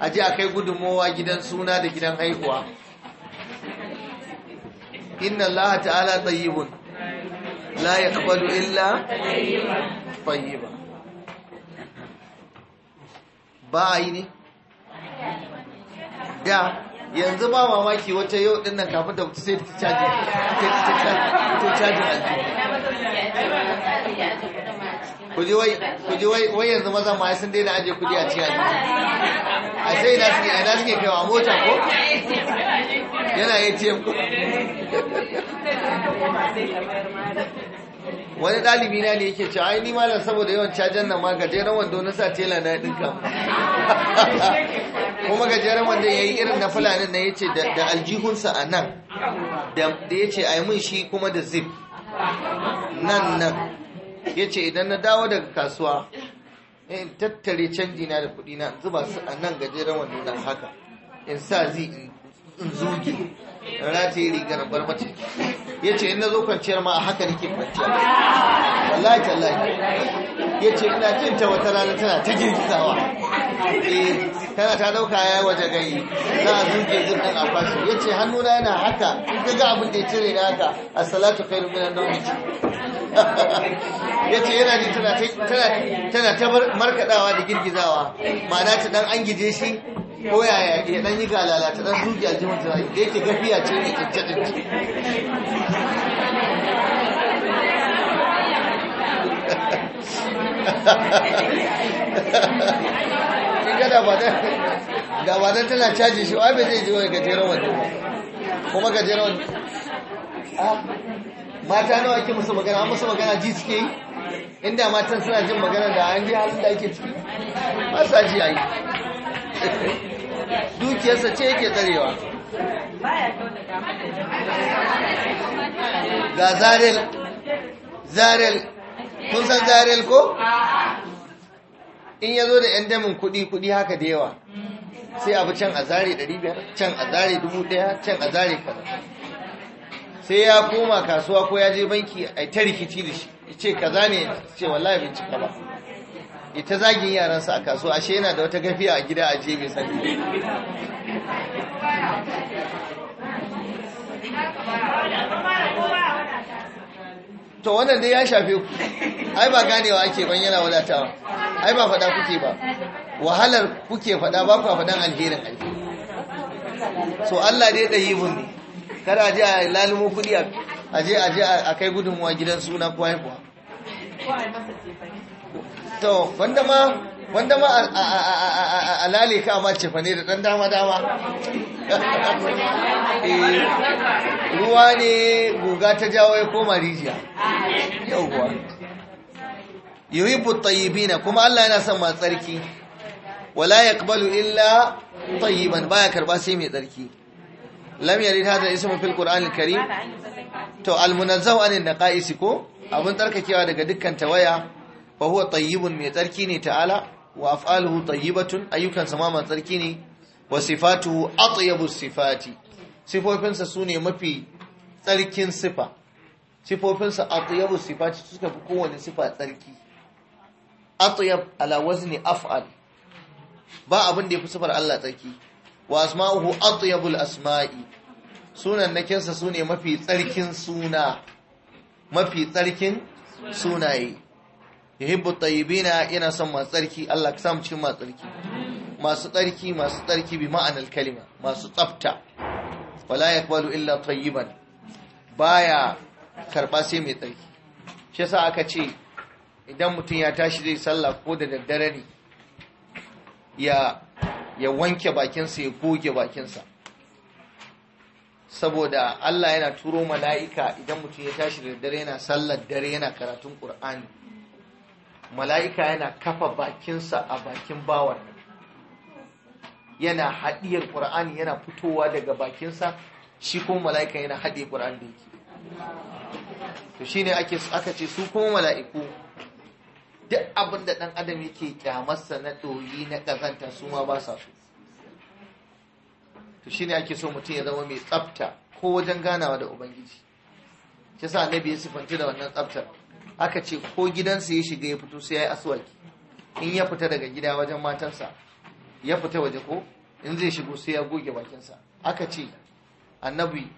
a ji a kai gudunmowa gidan suna da gidan haihuwa inna allaha ta'ala tayyibun la yaqbalu illa tayyiba ba yi ne da yanzu ba mamaki wacce yau din nan kafin da kusa sai ta caji ta caji Kuje wai kuji wai wai yanzu mazan ma sun daina aje kudi a ciya a sai ina suke ina suke kaiwa mota ko yana ATM ko wani ɗalibi na ne yake ce ai ni malam saboda yawan cajan nan ma gajeren wando na sa tela na dinka kuma gajeren wando yi irin na fulani na yace da aljihunsa a nan da yace ai mun shi kuma da zip nan nan ya ce idan na dawo daga kasuwa eh, in tattare canji na da kuɗi na zuba su a nan gajeren wani na haka in sa zi in zuge rata yi rigar bar mace ya ce ina na zo kwanciyar ma a haka nake kwanciya wallahi tallahi ya ce ina jin ta wata rana tana ta girgizawa eh, kana ta dauka ya waje gai za a zuke zurfin a ya ce hannuna yana haka in ga abin da ya cire na haka a salatu khairu minan nawmi ya ce yana ji tana ta markaɗawa da girgizawa ma'ana ta dan an gije shi ko yaya ya dan yi galala ta dan zuke aljihun ta da yake gafiya ce ne ta da ba da tana caji shi wa zai ji wani gajeren kuma gajeren wani mata nawa ake musu magana musu magana ji suke yi inda matan suna jin magana da an ji halin da ake ciki ji ai dukiyarsa ce yake tsarewa ga zarel zarel kun san zarel ko in ya zo da 'yan damin kuɗi kuɗi haka da yawa sai abu can a zare 500 can a zare 1000 can a zare 1000 sai ya koma kasuwa ko ya je banki a ta rikici da shi ya ce kaza ne ce wallahi bin cika ba ita zagin yaransa a kasuwa ashe yana da wata gafiya a gida a je bai sani to wannan dai ya shafe ku ai ba ganewa ake ban yana wadatawa ai ba faɗa kuke ba wahalar kuke faɗa ba kuwa faɗan alherin alheri so Allah dai da yibun kada aje a lalimo kuɗi a je a je a kai gudunmuwa gidan suna kuwa kuwa to wanda ma wanda ma a lale ka ma cefa ne da dan dama dama eh, ruwa ne guga ta jawo ya koma rijiya Ya'u yauwa yuhibbu tayyibina kuma Allah yana son masu tsarki wala yaqbalu illa tayyiban baya karba sai mai tsarki lam yarid hada ismu fil qur'an al karim to al munazzahu anin naqais ko abun tsarkakewa daga dukkan tawaya fa huwa tayyibun mai tsarki ne ta'ala wa af'aluhu tayyibatun ayyukan sa ma tsarki ne wa sifatuhu atyabu sifati sa sune mafi tsarkin sifa sa atyabu sifati suka fi kowanne sifa tsarki atyab ala wazni af'al ba abin da yafi sifar Allah tsarki wa asma'uhu atyabul asma'i sunan sa sune mafi tsarkin suna mafi tsarkin sunaye yahibbu tayyibina yana son masu tsarki Allah ka samu cikin masu tsarki masu tsarki masu tsarki bi ma'anar kalima masu tsafta wala yaqbalu illa tayyiban baya karba sai mai tsarki shi yasa aka ce idan mutum ya tashi zai sallah ko da daddare ne ya wanke bakinsa ya goge bakinsa saboda Allah yana turo mala'ika idan mutum ya tashi da daddare yana sallar dare yana karatun ƙur'ani mala'ika yana kafa bakinsa a bakin bawar yana haɗiyar ƙur'ani yana fitowa daga bakinsa shi kuma mala'ika yana haɗe ƙur'ani da yake to shi ne aka ce su kuma mala'iku duk abin da ɗan adam yake kyamarsa na ɗoyi na ƙazanta su ma ba sa so to ne ake so mutum ya zama mai tsafta ko wajen ganawa da ubangiji shi sa annabi ya sifanci da wannan tsaftar aka ce ko gidansa ya shiga ya fito sai ya yi aswaki in ya fita daga gida wajen matansa ya fita waje ko in zai shigo sai ya goge bakinsa aka ce annabi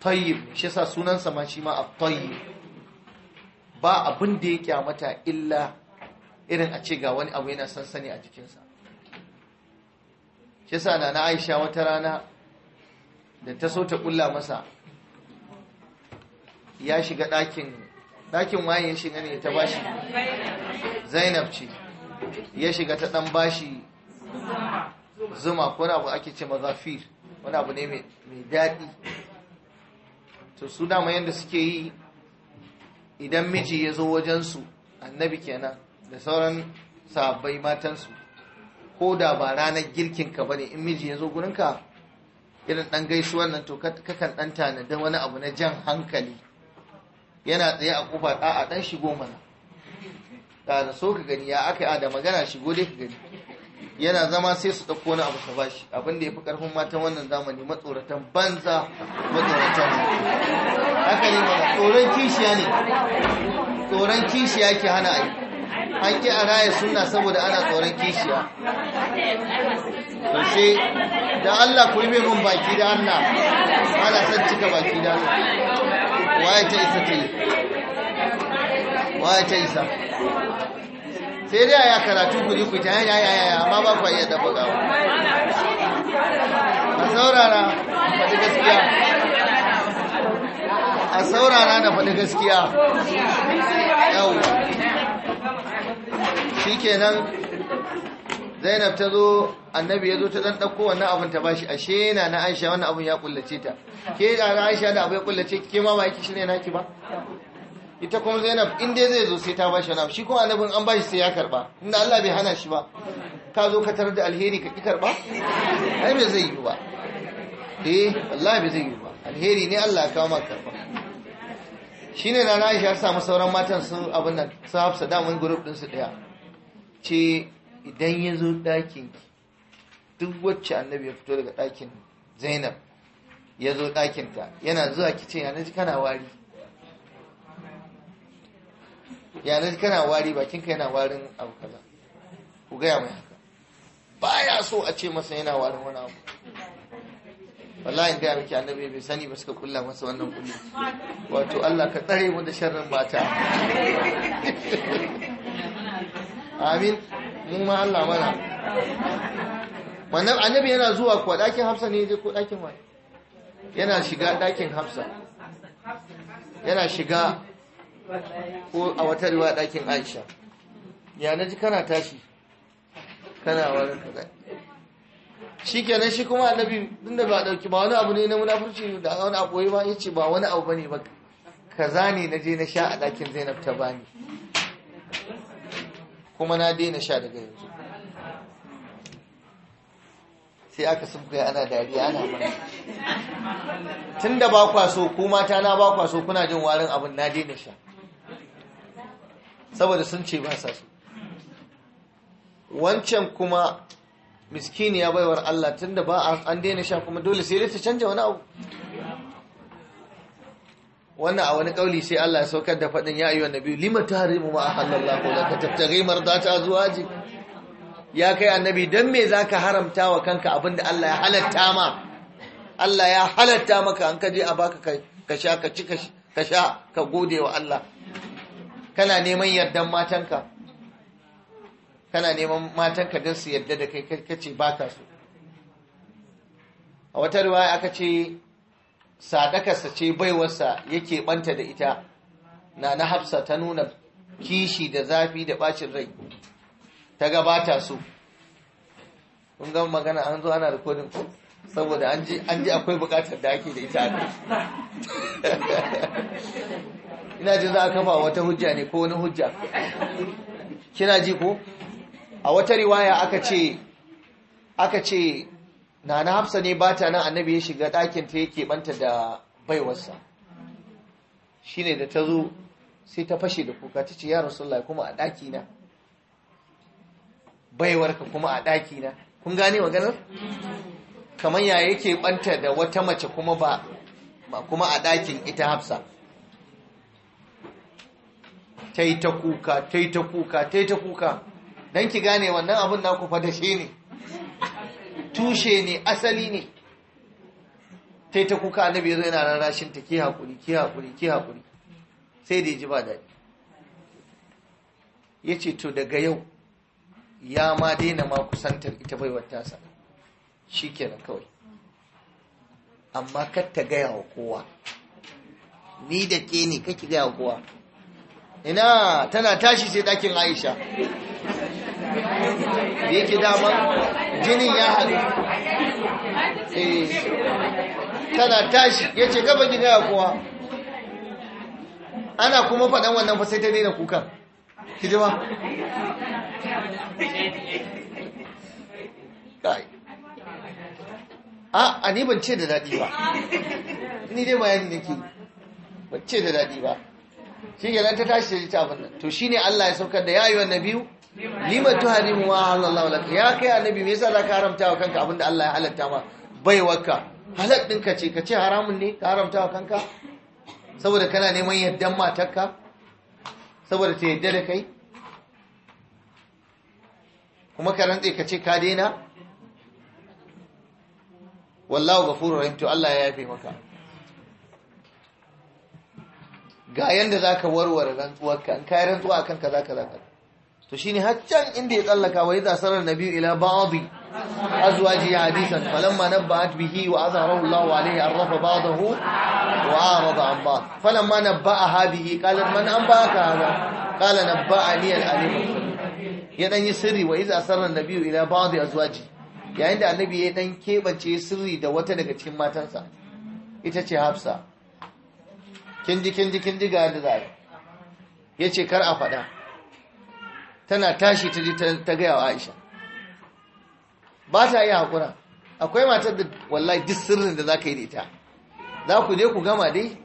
tayyib shi sa sunansa ma shi ma a tayyib ba abin da ya kyamata illa irin a ce ga wani abu yana sansani a jikinsa ke sa na aisha wata rana da ta so ta kulla masa ya shiga ɗakin ɗakin waye ya shiga ne ta bashi zainab ce ya shiga ta ɗan bashi zuma ko abu ake ce mazafir wani abu ne mai daɗi to su dama yadda suke yi idan miji ya zo wajensu annabi kenan da sauran sabai matansu ko da ba ranar girkinka ba ne in miji ya zo gurinka irin ɗan gaisuwar nan to kakan ɗan tanadin wani abu na jan hankali yana tsaye a kofa a ɗan shigo mana da so ka gani ya aka yi da magana shigo dai ka gani yana zama sai su ɗauko wani abu su bashi abin da ya fi ƙarfin matan wannan zamani matsoratan banza matsoratan haka ne mana tsoron kishiya ne tsoron kishiya ke hana a yi an ƙi a raya suna saboda ana tsoron kishiya sosai da Allah ku rufe mun baki da Allah ana son cika baki da Allah waye ta isa ta yi waye ta isa sai dai ya karatu guri ku ta ya ya ya amma ba ku iya dabaga a saurara faɗi gaskiya a saurara da faɗi gaskiya yau shikenan Zainab ta zo annabi ya zo ta zan ɗauko wannan abin ta bashi ashe shena na Aisha wannan abin ya kullace ta ke da Aisha da abu ya kullace ke ma ba yake shirye naki ba ita kuma zainab in dai zai zo sai ta bashi shi shi kuma annabin an bashi sai ya karba inda Allah bai hana shi ba ka zo ka tarar da alheri ka ki karba ai bai zai yi ba eh Allah bai zai yi ba alheri ne Allah ya kawo maka karba shine na Aisha har samu sauran matan su abin nan su Hafsa da mun group din su daya ce idan ya zo dakin duk wacce annabi ya fito daga dakin Zainab ya zo dakin ta yana zuwa kice yana ji kana wari yana na kana wari bakinka yana warin abu kaza ku gaya mai haka baya so a ce masa yana warin wani abu wallahi gaya miki annabi bai sani ba suka kulla masa wannan kulli wato Allah ka tsare mu da sharrin mata amin mu ma Allah mana wannan annabi yana zuwa ko dakin Hafsa ne ko dakin wani yana shiga dakin Hafsa yana shiga ko a wata riwa ɗakin aisha ya na ji kana tashi kana wani kaza shi kenan shi kuma annabi din da ba a ɗauki ba wani abu ne na munafurci da wani abu ba ya ce ba wani abu ba ne ba kaza ne na je na sha a ɗakin zainab ta bani kuma na daina sha daga yanzu sai aka kai ana dariya ana tun da ba kwa so mata na ba kwa so kuna jin warin abin na daina sha saboda sun ce ba sa su wancan kuma miskini ya baiwar Allah tunda ba an daina sha kuma dole sai ta canja wani abu wannan a wani kauli sai Allah ya saukar da faɗin ya ayyuhan nabiyyu lima tahrimu ma ahallallahu laka ta mardata ji ya kai annabi dan me zaka haramta wa kanka abinda Allah ya halatta ma Allah ya halatta maka an kaje a baka ka sha ka ci ka sha ka gode wa Allah kana neman yardan matanka kana neman matanka don su yarda da kai kace ka so a wata riwaya aka ce sadakarsa ce baiwarsa yake banta da ita na na hafsa ta nuna kishi da zafi da bacin rai ta gabata su kun ga magana an zo ana rikodin saboda an ji akwai bukatar da ake da ita ina jin za a kafa wata hujja ne ko wani hujja kina ji ko a wata riwaya aka ce aka ce nana hafsa ne ba ta nan annabi ya shiga ɗakin ta yake banta da baiwarsa Shi ne da ta zo sai ta fashe da kuka ta ce ya rasulullah kuma a ɗaki na baiwarka kuma a ɗaki na kun gane maganar kamar ya yake banta da wata mace kuma ba kuma a ɗakin ita hafsa ta yi ta kuka ta yi ta kuka ta kuka don ki gane wannan abin na kufa da shi ne tushe ne asali ne ta kuka annabi ya zo yana rashin ta ki haƙuri ki haƙuri ki haƙuri sai da ya ji ba daɗi ya ce to daga yau ya ma daina ma kusantar ita wata tasa shi kenan kawai amma kar ta gaya wa kowa ni da ke ne kake gaya wa kowa ina tana tashi sai ɗakin aisha da yake dama jinin ya haɗu eh, tana tashi ya ce gaba gina ya kowa ana kuma faɗan wannan fa sai ta daina kuka hijima a a ni ban ce da daɗi ba ni dai bayani nake ban ce da daɗi ba shi ke ta tashi ta littafin nan to shi ne Allah ya saukar da ya yi wannan biyu lima mu ma halallahu lak ya kai annabi me yasa zaka haramta wa kanka abinda Allah ya halatta ma baiwarka halal ka ce ka ce haramun ne ka haramta wa kanka saboda kana neman yaddan matarka saboda ta yadda da kai kuma ka rantse ka ce ka daina wallahu ghafurur rahim to Allah ya yafe maka ga yanda za ka warware rantsuwarka in kayi rantsuwa akan kaza kaza kaza to shine haccan inda ya tsallaka wa idza sarar nabiyyu ila a ba'dhi azwaji hadisan falamma nabba'at bihi wa azharahu Allahu alayhi arrafa ba'dahu wa arada an ba'd falamma nabba'a bihi qalat man anba'aka hada qala nabba'ani al-alim ya dan yi sirri wa idza sarar nabiyyu ila ba'dhi azwaji yayin da annabi ya dan kebance sirri da wata daga cikin matansa ita ce Hafsa kin ji kin ji kin ji ga yadda za ya ce kar a faɗa tana tashi ta ji ta gaya wa aisha ba ta iya haƙura akwai matar da wallahi duk sirrin da za ka yi da ita za ku je ku gama dai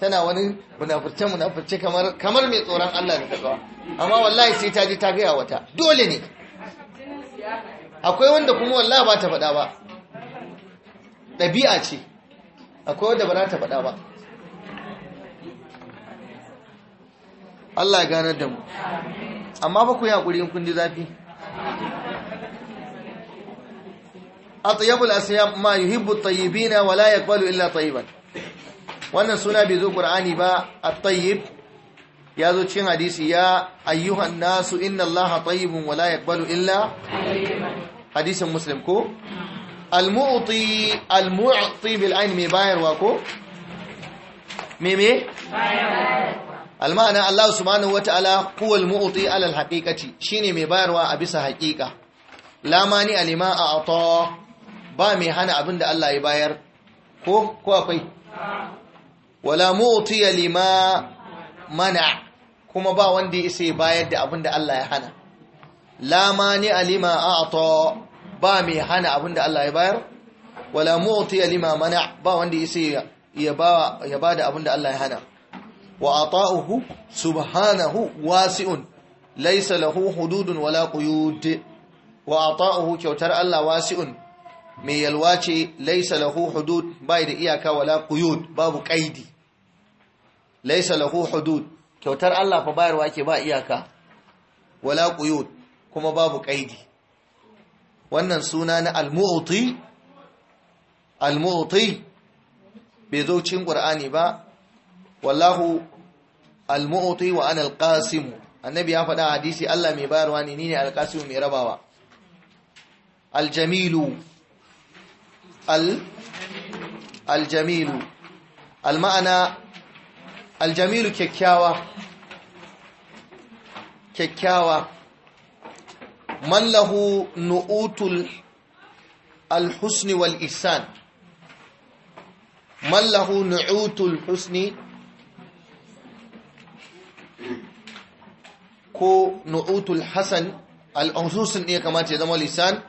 tana wani munafurce munafurce kamar mai tsoron Allah da tsawa amma wallahi sai ta ji ta gaya wata dole ne akwai wanda kuma wallahi ba ta faɗa ba ɗabi'a ce akwai wanda ba ta faɗa ba Allah ya ganar da mu amma ba ku yi haƙuri in kun ji zafi atyabul asyam ma yuhibbu at-tayyibina wa la yaqbalu illa tayyiban wannan suna bai zo qur'ani ba a tayyib ya zo cikin hadisi ya ayyuhan nasu inna allaha tayyibun wa la yaqbalu illa hadisin muslim ko al-mu'ti al-mu'ti bil ayn mai bayarwa ko Me bayarwa almana Allah subhanahu wataala huwal mu'ti ala alhaqiqati shine mai bayarwa a bisa haqiqa la mani alima a ata ba mai hana abin da Allah ya bayar ko ko akwai wala mu'ti lima mana kuma ba wanda ya isa bayar da abin da Allah ya hana la mani alima a ata ba mai hana abin da Allah ya bayar wala mu'ti lima mana ba wanda ya isa ya ba da abin da Allah ya hana wa ata'uhu subhanahu wasi'un laysa lahu hududun wala quyud wa ata'uhu kyautar Allah wasi'un mai yalwa ce laysa lahu hudud bai da iyaka wala quyud babu qaidi laysa lahu hudud kyautar Allah fa bayarwa ke ba iyaka wala kuma babu kaidi wannan suna na al-mu'ti al-mu'ti bai zo cikin qur'ani ba wallahu al-mu'ti wa ana al-qasim annabi ya faɗa hadisi Allah mai bayarwa ne ni ne al-qasim mai rabawa al-jamilu al al-jamilu al-ma'ana al-jamilu kyakkyawa kyakkyawa man lahu nu'utul al-husni wal ihsan man lahu nu'utul husni ko nu'utul hasan al-unsusun ne kamata ya zama lisan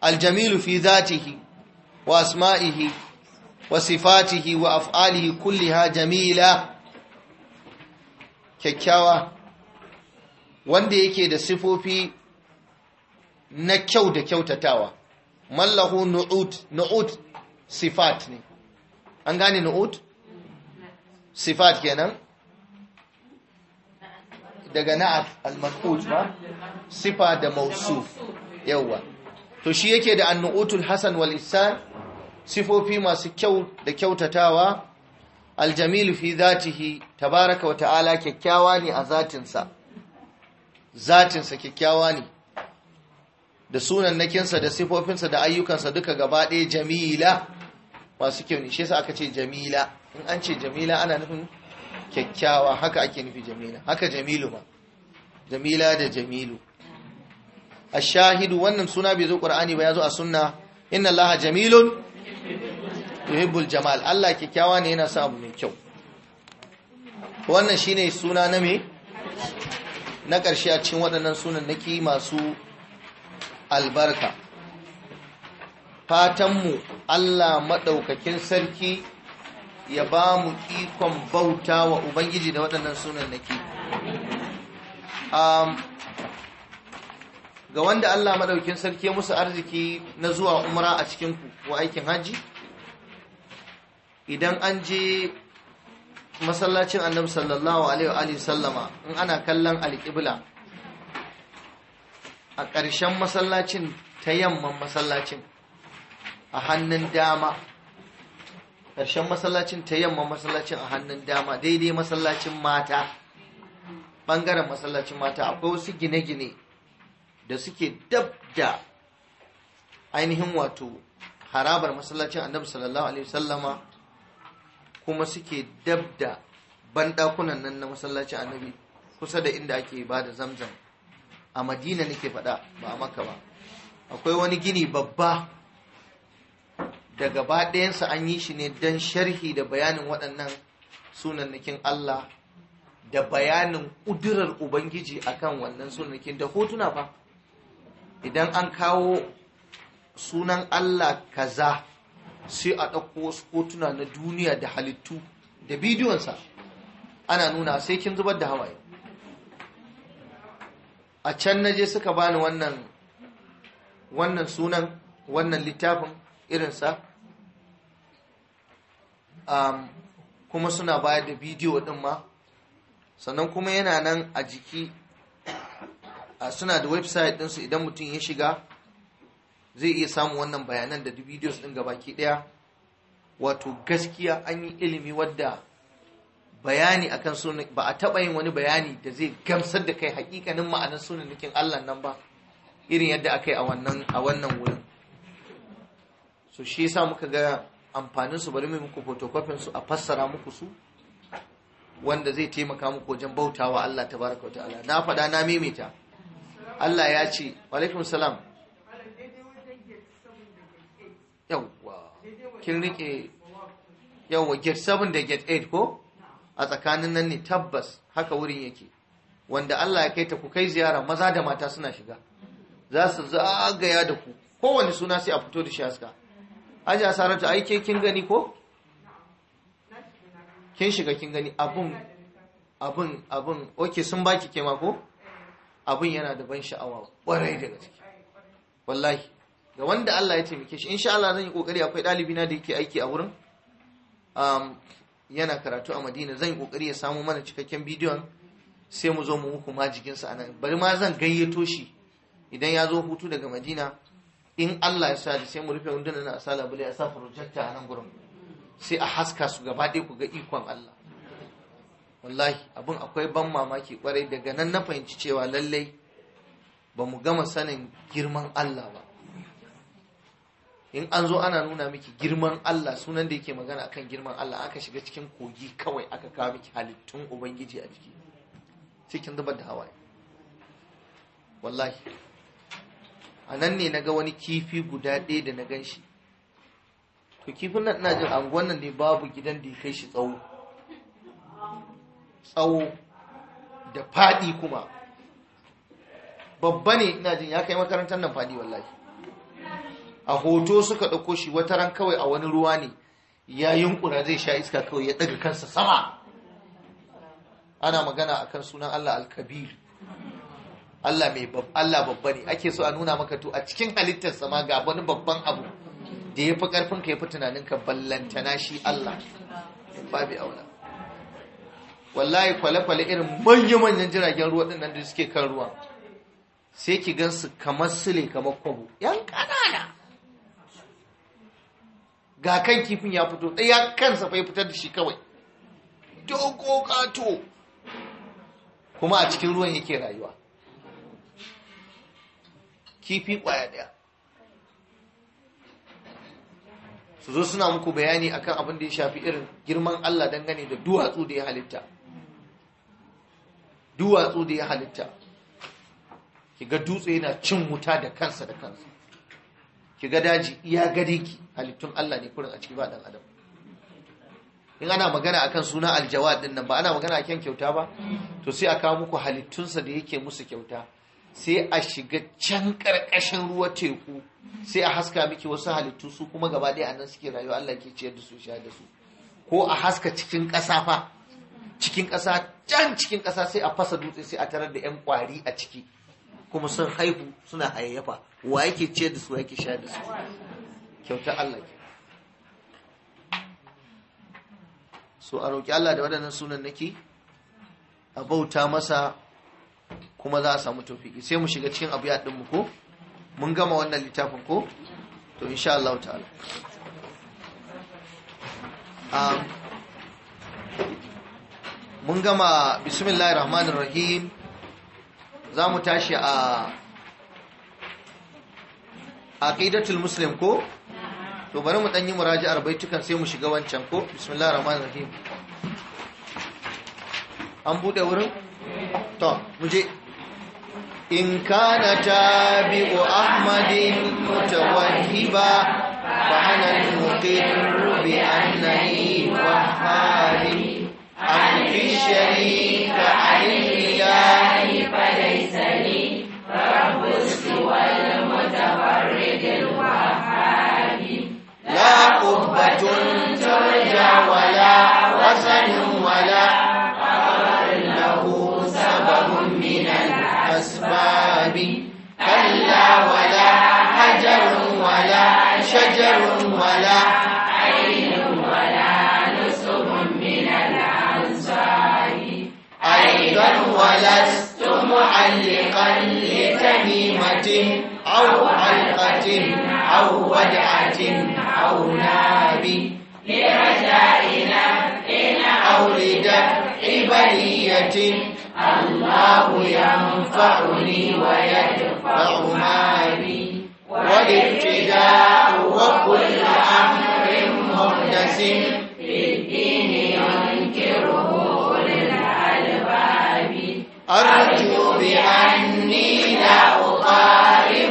Aljamilu jamilu fi zatihi wa asma'ihi wa sifatihi wa af'alihi kulliha jamila kyakkyawa wanda yake da sifofi na kyau da kyautatawa mallahu nu'ut nu'ut sifat ne an gane nu'ut sifat kenan daga na'at al-maf'ul ba sifa da mausuf yawa to shi yake da annu'utul hasan wal ihsan sifofi masu kyau da kyautatawa al-jamil fi zatihi tabaraka wa ta'ala kyakkyawa ne a zatinsa zatinsa kyakkyawa ne da sunannakinsa da sifofinsa da ayyukansa duka gaba ɗaya jamila masu kyau ne shi yasa aka ce jamila in an ce jamila ana nufin kyakkyawa haka ake nufi jamila haka jamilu ma jamila da jamilu a shahidu wannan suna bai zo Al-Qur'ani ba ya zo a sunna inna allaha jamilun yuhibbul jamal allah kyakkyawa ne yana sa abu mai kyau wannan shine suna na me na ƙarshe a cikin waɗannan sunan naki masu albarka fatanmu allah maɗaukakin sarki ya ba mu ikon bauta wa ubangiji da waɗannan sunan nake ga wanda Allah maɗaukin sarki musu arziki na zuwa umara a cikinku wa aikin hajji idan an je masallacin annabi sallallahu alaihi wa sallama in ana kallon alƙibla a ƙarshen masallacin ta yamman masallacin a hannun dama ƙarshen masallacin ta yamma masallacin a hannun dama daidai masallacin mata ɓangaren masallacin mata akwai wasu gine-gine da suke dab da ainihin wato harabar masallacin annabi sallallahu alaihi wasallama kuma suke dab da banɗakunan nan na masallacin annabi kusa da inda ake ba da zamzam a madina nake faɗa ba a maka ba akwai wani gini babba da gaba ɗayansa an yi shi ne don sharhi da bayanin waɗannan sunannikin Allah da bayanin ƙudurar Ubangiji a kan wannan sunannikin da hotuna ba idan an kawo sunan Allah kaza sai a ɗauko wasu hotuna na duniya da halittu da bidiyonsa ana nuna sai kin zubar da hawaye a can naje suka bani wannan sunan wannan littafin irinsa Um, kuma suna bayar da bidiyo din ma sannan kuma yana nan a jiki suna da website dinsu idan mutum ya shiga zai iya samun wannan bayanan da bidiyo din gaba gabaki daya wato gaskiya an yi ilimi wadda bayani akan sunan ba a taɓa yin wani bayani da zai gamsar da kai hakikanin ma'anar nukin Allah nan ba irin yadda aka yi a wannan wurin so shi yasa muka ga Amfaninsu su bari mai muku fotokofin su a fassara muku su wanda zai taimaka muku wajen bautawa Allah baraka wa ta'ala na faɗa na mimita Allah ya ce alaikum salam yawwa kin rike yawwa gate 7 da gate 8 ko a tsakanin nan ne tabbas haka wurin yake wanda Allah ya kai ta ku kai ziyara maza da mata suna shiga za su zagaya da ku kowane suna sai a fito da shi haska aji saratu ai ke kin gani ko kin shiga kin gani abun abun abun oke sun baki kema ko abun yana da ban sha'awa kwarai daga ciki? wallahi ga wanda Allah ya taimake shi insha Allah zan yi kokari akwai dalibi na da yake aiki a wurin um, yana karatu a Madina zan yi kokari ya samu mana cikakken bidiyon sai mu zo mu muku majikin sa anan bari ma zan gayyato shi idan ya zo hutu daga Madina in Allah ya sa da sai mu rufe wundunan na asala bale a sa projector a nan gurin sai a haska su gaba ɗaya ku ga ikon Allah wallahi abin akwai ban mamaki kwarai daga nan na fahimci cewa lallai ba mu gama sanin girman Allah ba in an zo ana nuna miki girman Allah sunan da yake magana akan girman Allah aka shiga cikin kogi kawai aka kawo miki halittun ubangiji a ciki, cikin zubar da hawaye wallahi a nan ne na ga wani kifi guda ɗaya da na gan shi to kifin nan ina jin anguwan nan ne babu gidan da ya kai shi tsawo tsawo da faɗi kuma babba ne ina jin ya kai makarantar nan faɗi wallahi a hoto suka ɗauko shi wata ran kawai a wani ruwa ne ya yunkura zai sha iska kawai ya ɗaga kansa sama ana magana a kan sunan Allah al Allah mai Allah babba ne ake so a nuna maka to a cikin halittar sama ga wani babban abu da ya fi karfin ka ya fi tunanin ka ballantana shi Allah babu aula wallahi kwale-kwale irin manya-manyan jiragen ruwa din nan da suke kan ruwa sai ki gan su kamar sule kamar kwabo yan kanana ga kan kifin ya fito ɗaya kansa fai fitar da shi kawai dogo kato kuma a cikin ruwan yake rayuwa kifi kwaya ɗaya. su zo suna muku bayani akan abin da ya shafi irin girman Allah dangane da duwatsu da ya halitta duwatsu da ya halitta ki ga dutse yana cin wuta da kansa da kansa ki ga daji ya gare ki halittun Allah ne kurin a ciki ba dan adam in ana magana akan suna aljawad din nan ba ana magana akan kyauta ba to sai a kawo muku halittunsa da yake musu kyauta sai a shiga can ƙarƙashin ruwa teku sai a haska miki wasu halittu su kuma gaba ɗaya a nan suke rayuwa Allah ke ciyar da su sha da su ko a haska cikin ƙasa fa cikin ƙasa can cikin ƙasa sai a fasa dutse sai a tarar da 'yan ƙwari a ciki kuma sun haihu suna hayayyafa wa yake ciyar da su wa yake sha da su kyautar Allah ke so a roƙi Allah da waɗannan sunan nake a bauta masa kuma za a samu tofiki sai mu shiga cikin abu yaɗin mu ko mun gama wannan littafin ko to insha Allah ta'ala mun gama bismillahir rahmanir rahim za mu tashi a aqidatul muslim ko to bari mu dan yi muraji'ar baitukan sai mu shiga wancan ko bismillahir rahmanir rahim an bude wurin to mu je in kana ta bi'u ahmadin mutawahiba fa hana al-muqim bi annani wa hali an fi sharika alayhi ya fa laysa li rabbu wal mutawarrid wa hali la qubbatun tawja wala wasanun wala شجر ولا عين ولا نسب من الأنصار أيضا ولست معلقا لتميمة أو حلقة أو ودعة أو نابي لرجائنا إن أو لدفع الله ينفعني ويدفع مالي بي والابتداء وكل أمر محدث للدين ينكره للألباب أرجو بأني لا أقارب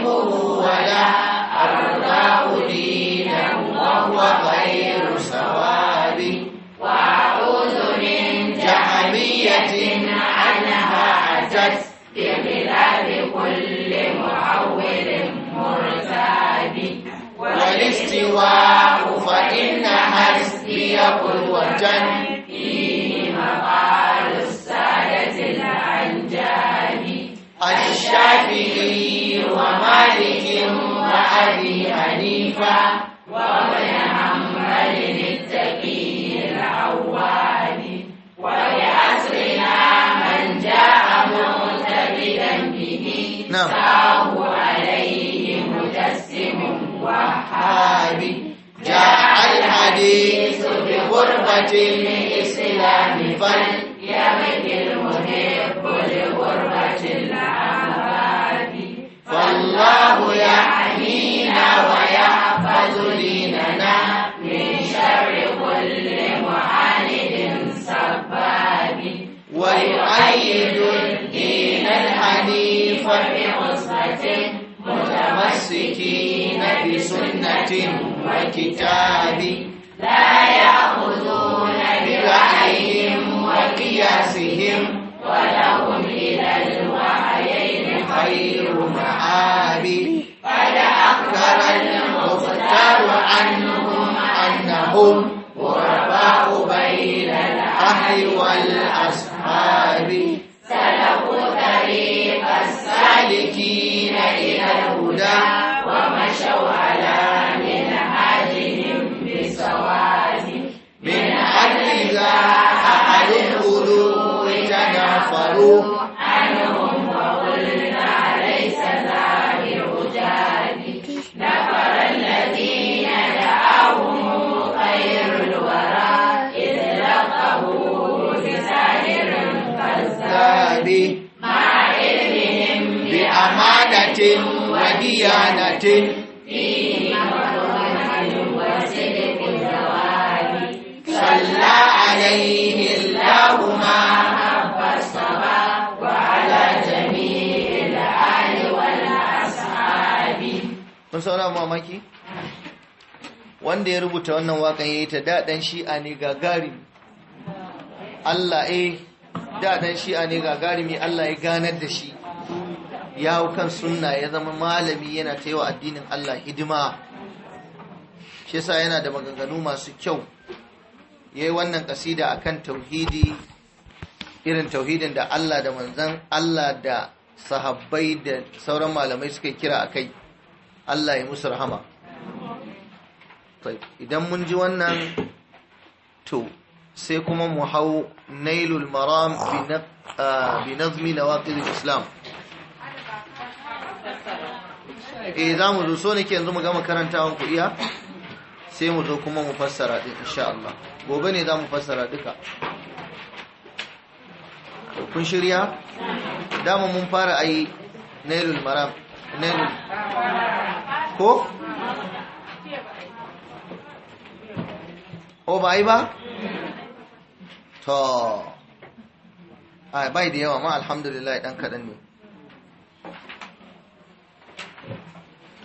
الدعاء فإن حسبي قلوة فيه مقال السادة الأنجاب الشافعي ومالك وأبي حنيفة وابن حنبل التقي الأواب ولعصرنا من جاء معتقدا به نعم الأصحاب جاء الحديث بغربة الإسلام فليمت المحب لغربة الأحباب فالله يحمينا ويحفظ ديننا من شر كل معاند سباب ويؤيد الدين الحنيف بعصمته متمسكين بسنة وكتاب لا يأخذون برأيهم وقياسهم ولهم إلى الوحيين خير مآب قد أخبر المختار عنهم أنهم غرباء بين الأهل والأصحاب سلكوا طريق السالكين الهدى ومشوا على منهاجهم بالسواد من أجل ذا أهل الغلو تنافروا ديانة صلى عليه kun saura mamaki wanda ya rubuta wannan wakan yayi ta dadan a ne gagari Allah eh dadan shi'a ne gagari Allah ya ganar da shi ya hau kan sunna ya zama malami yana ta yawa addinin Allah hidima shi sa yana da maganganu masu kyau ya yi wannan kasida akan tauhidi irin tauhidin da Allah da manzan Allah da sahabbai da sauran malamai suka kira a kai Allah ya musu rahama idan mun ji wannan to sai kuma mu hau nailul maram bi ah, nazmi lawaqil islam eh za mu zo so nake yanzu mu gama karantawan ku iya sai mu zo kuma mu fassara din insha Allah gobe ne za mu fassara duka kun shirya dama mun fara ayi nailul maram nailul ko o oh, ba yi ba to ai bai da yawa ma alhamdulillah dan kaɗan ne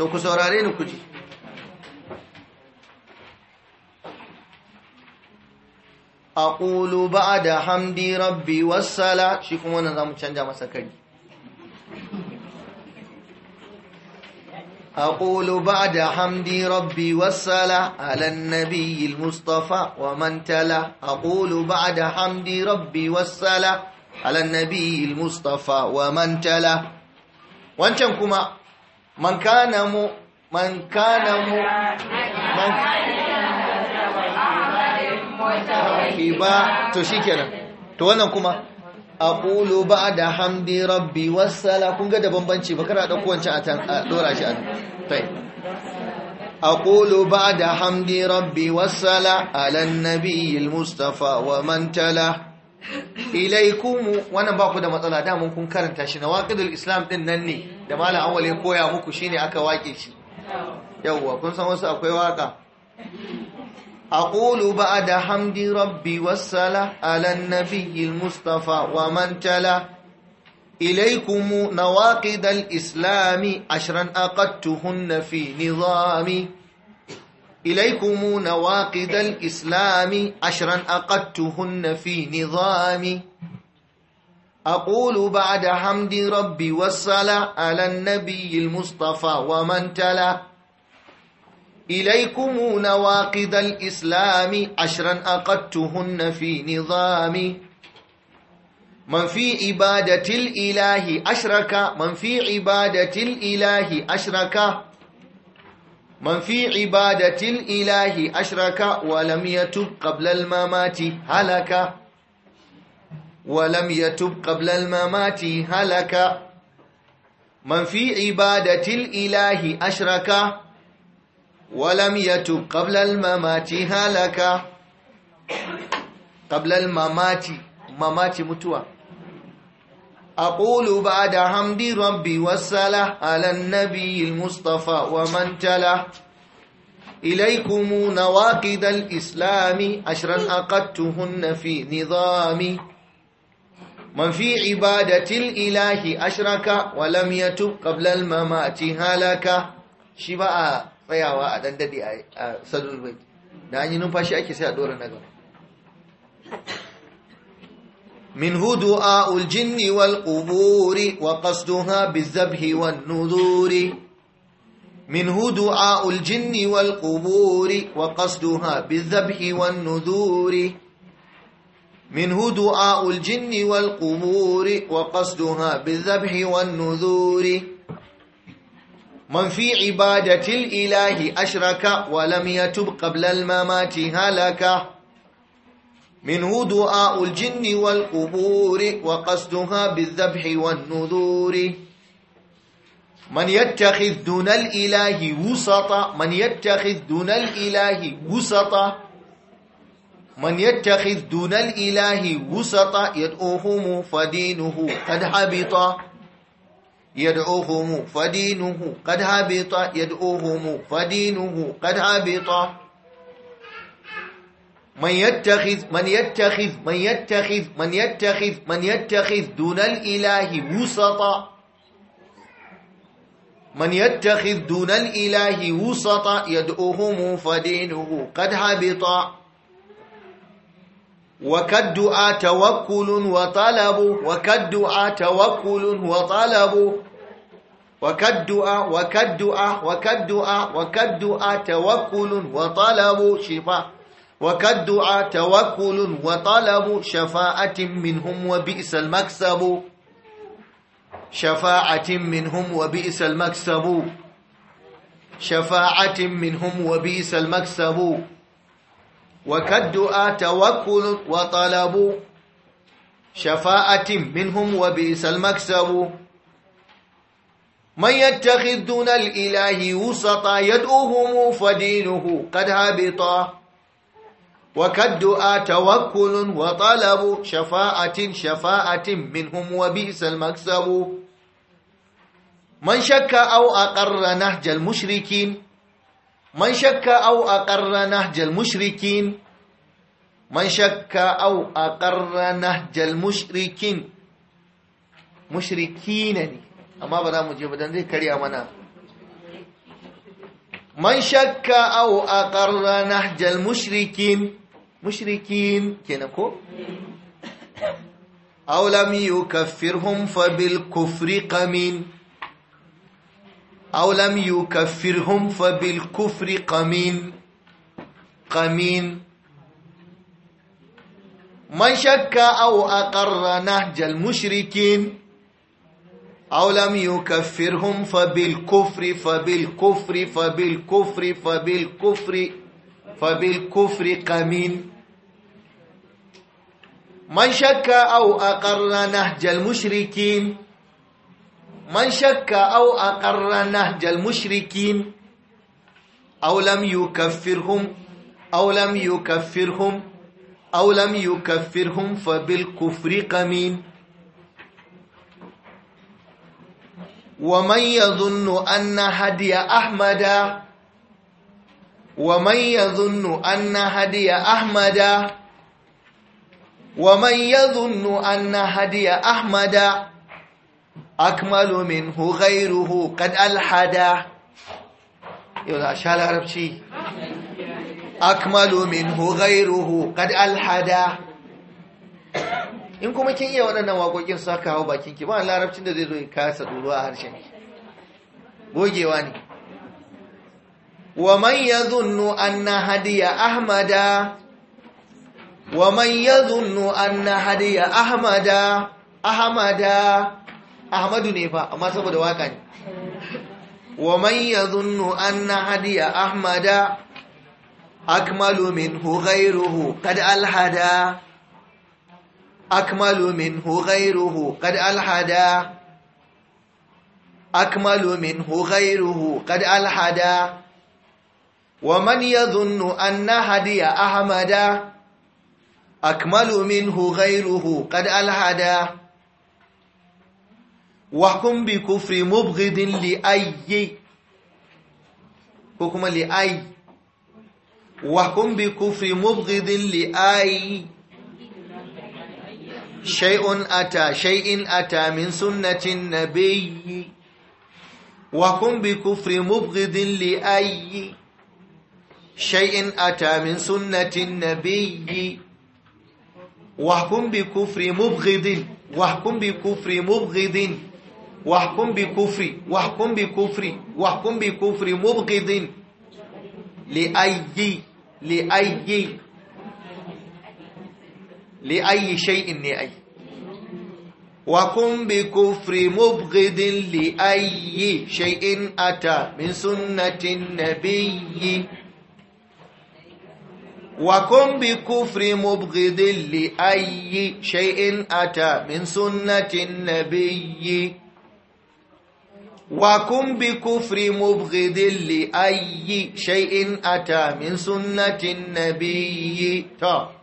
to ku saurare ni ku ji aqulu ba'da hamdi rabbi wassala shi kuma wannan zamu canja masa kari aqulu ba'da hamdi rabbi wassala ala an-nabiyyi al-mustafa wa man tala aqulu ba'da hamdi rabbi wassala ala an-nabiyyi al-mustafa wa man tala wancan kuma man kana mu man kana mu man ba to shikenan to wannan kuma aqulu ba'da hamdi rabbi wassala kun ga da bambanci ba kana dauko wancan a tan dora shi a tai aqulu ba'da hamdi rabbi wassala ala nabiyil mustafa wa man tala ilaikum wannan ba ku da matsala da mun kun karanta shi nawaqidul islam din nan ne da malam awali koya muku shine aka wake shi yawwa kun san wasu akwai waka aqulu ba'da hamdi rabbi wassala ala nabiyil mustafa wa man tala ilaykum islami al islam ashran aqadtuhunna fi nizami ilaykum nawaqid al islam ashran aqadtuhunna fi nizami أقول بعد حمد ربي والصلاة على النبي المصطفى ومن تلا إليكم نواقض الإسلام عشرا أقدتهن في نظامي من في عبادة الإله أشرك من في عبادة الإله أشرك من في عبادة الإله أشرك ولم يتب قبل الممات هلك ولم يتب قبل الممات هلك من في عبادة الإله أشرك ولم يتب قبل الممات هلك قبل الممات ممات متوى أقول بعد حمد ربي والصلاة على النبي المصطفى ومن تله إليكم نواقد الإسلام أشرا أقدتهن في نظامي من في عبادة الإله أشرك ولم يتب قبل الممات هلك شبا سياوا أدن ددي سدول بيت داني نو فاشي أكي سيا دور منه دعاء الجن والقبور وقصدها بالذبح والنذور من هدوء الجن والقبور وقصدها بالذبح والنذور منه دعاء الجن والقبور وقصدها بالذبح والنذور من في عبادة الإله أشرك ولم يتب قبل الممات هلك منه دعاء الجن والقبور وقصدها بالذبح والنذور من يتخذ دون الإله وسطا من يتخذ دون الإله وسطا من يتخذ دون الإله وسطا يدعوهم فدينه قد هبط يدعوهم فدينه قد هبط يدعوهم فدينه قد هبط من يتخذ من يتخذ من يتخذ من يتخذ من يتخذ دون الإله وسطا من يتخذ دون الإله وسطا يدعوهم فدينه قد هبط وكالدعاء توكل وطلب وكالدعاء توكل وطلب وكالدعاء وكالدعاء وكالدعاء وكالدعاء توكل وطلب شفاء وكالدعاء توكل وطلب شفاعة منهم وبئس المكسب شفاعة منهم وبئس المكسب شفاعة منهم وبئس المكسب وكالدعاء توكل وطلب شفاءة منهم وبئس المكسب من يتخذ دون الإله وسطا يدعوهم فدينه قد هبطا وكالدعاء توكل وطلب شفاءة شفاءة منهم وبئس المكسب من شك أو أقر نهج المشركين man shakka au aqarra nahjal nahjal mushrikina ne amma ba mu je ba dan zai karya mana man shakka au aqarra nahjal mushrikin mushrikin kenan ko aw lam yukaffirhum fa أو لم يكفرهم فبالكفر قمين قمين من شك أو أقر نهج المشركين أو لم يكفرهم فبالكفر فبالكفر فبالكفر فبالكفر فبالكفر قمين من شك أو أقر نهج المشركين من شك أو أقر نهج المشركين أو لم يكفرهم أو لم يكفرهم أو لم يكفرهم فبالكفر قمين ومن يظن أن هدي أحمد ومن يظن أن هدي أحمد ومن يظن أن هدي أحمد akmalu minhu ghayruhu qad alhada yau da sha larabci akmalu minhu ghayruhu qad alhada in kuma kin iya waɗannan waƙoƙin su haka hawa bakin ki ba larabcin da zai zo kasa ɗoro a harshen ki gogewa ne wa man yadhunnu anna hadiya ahmada wa man yadhunnu anna hadiya ahmada ahmada ahmadu ne fa amma saboda waka ne wa man yadhunnu anna hadiya ahmada akmalu minhu ghayruhu qad alhada akmalu minhu ghayruhu qad alhada akmalu minhu ghayruhu qad alhada wa man yadhunnu anna hadiya ahmada akmalu minhu ghayruhu qad alhada وحكم بكفر مبغض لأي حكم لأي وحكم بكفر مبغض لأي شيء أتى شيء أتى من سنة النبي وحكم بكفر مبغض لأي شيء أتى من سنة النبي وحكم بكفر مبغض وحكم بكفر مبغض واحكم بكفري واحكم بكفري واحكم بكفري مبغض لأي لأي لأي شيء لأي وكن بكفر مبغض لأي شيء أتى من سنة النبي وكن بكفر مبغض لأي شيء أتى من سنة النبي وكن بكفر مبغض لأي شيء أتى من سنة النبي طب.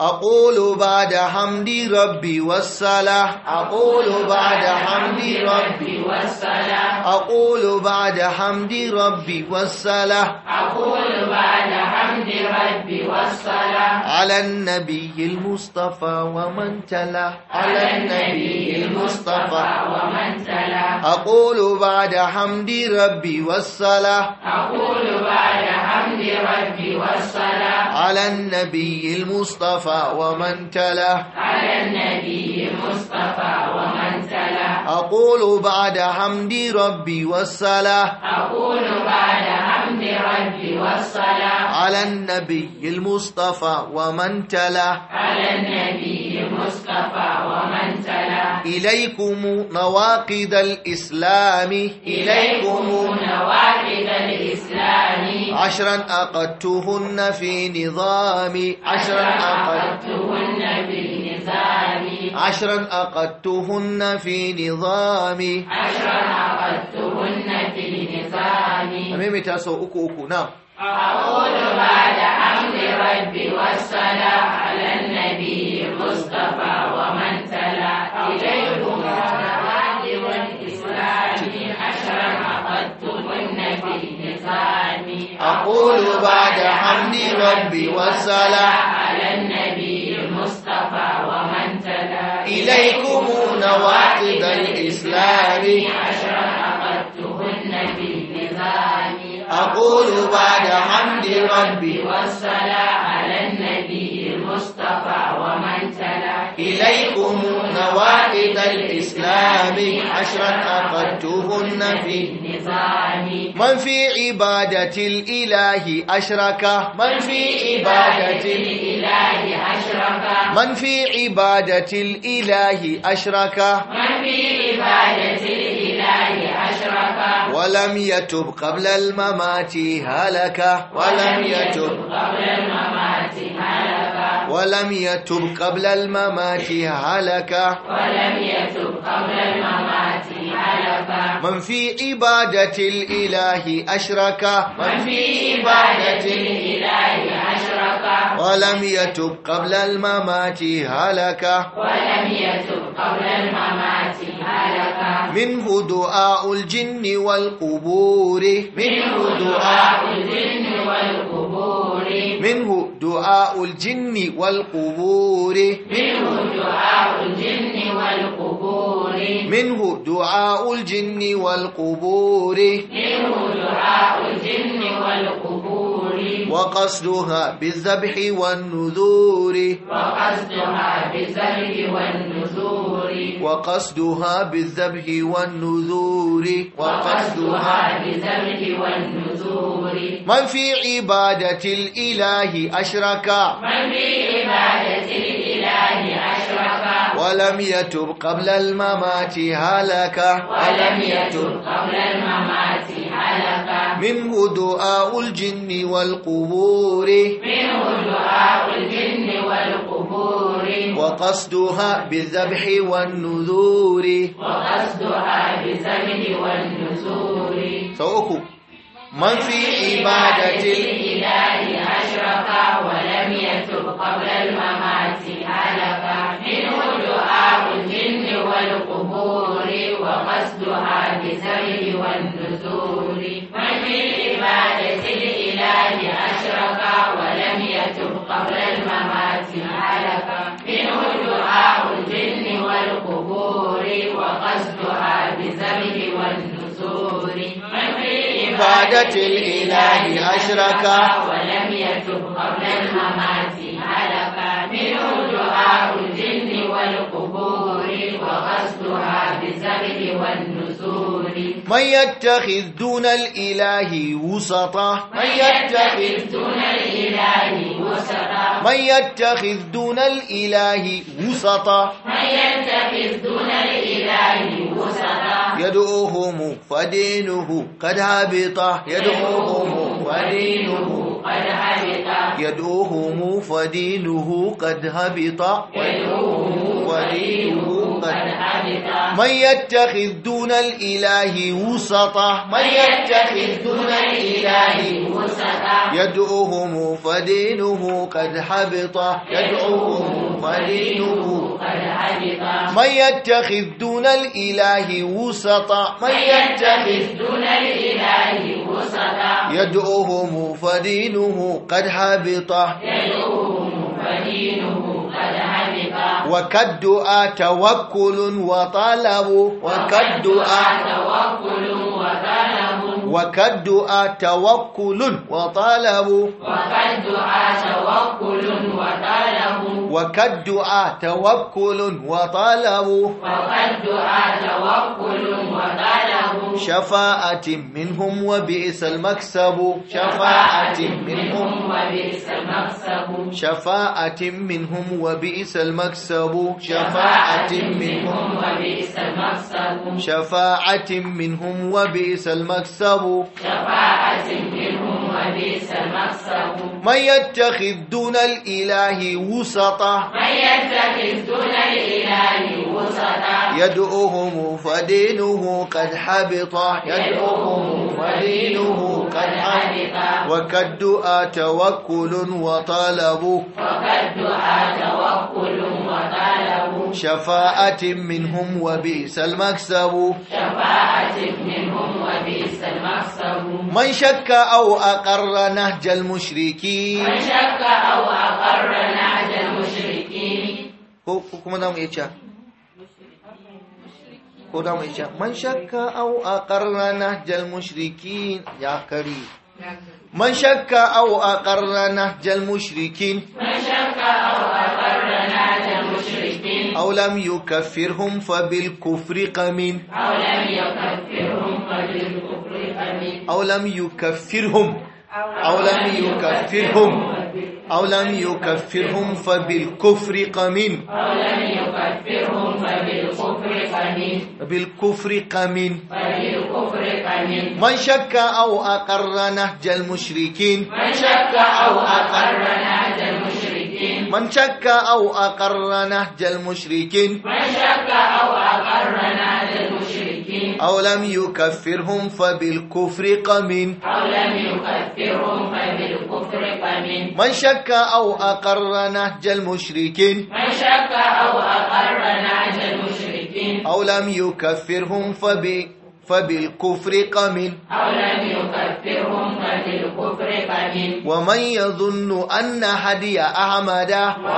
أقول بعد حمد ربي والصلاة أقول بعد حمد ربي والصلاة أقول بعد حمد ربي والصلاة أقول بعد حمد ربي والصلاة على النبي المصطفى ومن تلا على النبي المصطفى ومن تلا أقول بعد حمد ربي والصلاة أقول بعد حمد ربي والصلاة على النبي المصطفى مصطفى ومن تله على النبي مصطفى ومن تله أقول بعد حمد ربي والصلاة أقول بعد حمد ربي والصلاة على النبي المصطفى ومن تله على النبي المصطفى ومن تله إليكم نواقد الإسلام إليكم نواقد الإسلام عشرا أقدتهن في نظامي عشرا أقدتهن في نظامي عشرا أقدتهن في نظامي عشرا أقدتهن في نظامي أمامي تاسو أكو أكو نعم أقول بعد حمد ربي والصلاة على النبي مصطفى وما وكليهما معاد الإسلام عشرا عقدتهن في النظام أقول بعد حمد ربي والصلاة على النبي المصطفى ومن تلا إليكم نواقض الإسلام عشرا عقدتهن في النظام أقول بعد حمد ربي والصلاة على النبي المصطفى ومن تلا إليكم نوائد الإسلام عشرا أخذتهن في النظام من في عبادة الإله أشرك من في عبادة الإله أشرك من في عبادة الإله أشرك من في عبادة الإله أشرك ولم يتب قبل الممات هلك ولم يتب قبل الممات هلك ولم يتب قبل الممات هلك ولم يتب قبل الممات هلك من في عبادة الإله أشرك من في عبادة الإله أشرك ولم يتب قبل الممات هلك ولم يتب قبل الممات هلك منه دعاء الجن الجن والقبور منه دعاء الجن والقبور منه دعاء الجن والقبور منه دعاء الجن والقبور منه دعاء الجن والقبور منه دعاء الجن والقبور وقصدها بالذبح والنذور وقصدها بالذبح والنذور وقصدها بالذبح والنذور وقصدها بالذبح والنذور من في عبادة الإله أشرك من في عبادة الإله أشرك ولم يتب قبل الممات هلك ولم يتب قبل الممات هلك منه دعاء الجن والقبور منه دعاء الجن والقبور وقصدها بالذبح والنذور وقصدها بالذبح والنذور سوكو من في عبادة الإله أشرق ولم يتب قبل الممات هلك الجن والقبور وقصدها بالسير والنزول من بالعبادة الإله أشرق ولم يتب قبل الممات هلك منه دعاء الجن والقبور وقصدها بالسير والنزول من بالعبادة الإله أشرك ولم يتب قبل الممات هلك منه دعاء الجن والقبور والنسور من يتخذ دون الإله وسطا من يتخذ دون الإله وسطا من يتخذ دون الإله وسطا من يتخذ دون الإله وسطا يدعوهم فدينه قد هبط يدعوهم فدينه قد هبط يدعوهم فدينه قد هبط يدعوهم فدينه من يتخذ دون الإله وسطا من يتخذ دون الإله وسطا يدعوهم فدينه قد حبط يدعوهم فدينه قد حبط من يتخذ دون الإله وسطا من يتخذ دون الإله وسطا يدعوهم فدينه قد حبط يدعوهم فدينه قد حبط وكالدعاء توكل وطلب وكالدعاء توكل وطلب وكدعاء توكل وطالب وكدعاء توكل وطالب وكدعاء توكل وطالب وكدعاء توكل وطالب شفاعة منهم وبئس المكسب شفاعة منهم وبئس المكسب شفاعة منهم وبئس المكسب شفاعة منهم وبئس المكسب شفاعة منهم وبئس المكسب المطلب شفاعة منهم وبئس المصلب من يتخذ دون الإله وسطا من يتخذ دون الإله وسطا يدعوهم فدينه قد حبط يدعوهم فدينه وقد اتوكل وطالب وقد اتوكل وطالب شفاعه منهم وبئس المكسب شفاعه منهم وبئس المكسب من شك او اقر نهج المشركين من شك او اقر نهج المشركين كم نعم إيه كودا من شك من شك أو أقر نهج المشركين يا كريم من شك أو أقر نهج المشركين من شك أو أقر نهج المشركين أو لم يكفرهم فبالكفر قمين أو لم يكفرهم فبالكفر قمين أو لم يكفرهم أو لم يكفرهم أو لم يكفرهم فبالكفر قمين أو لم يكفرهم فبالكفر قمين بالكفر قمين فبالكفر قمين من شك أو أقر نهج المشركين من شك أو أقر نهج المشركين من شك أو أقر نهج المشركين من شك أو أقر نهج أو لم يكفرهم فبالكفر قمن أو لم يكفرهم فبالكفر قمن من شك أو أقر نهج المشركين من شك أو أقر نهج المشركين أو لم يكفرهم فبالكفر فبالكفر قمن أو لم يكفرهم فبالكفر قمن ومن يظن أن هدي أحمد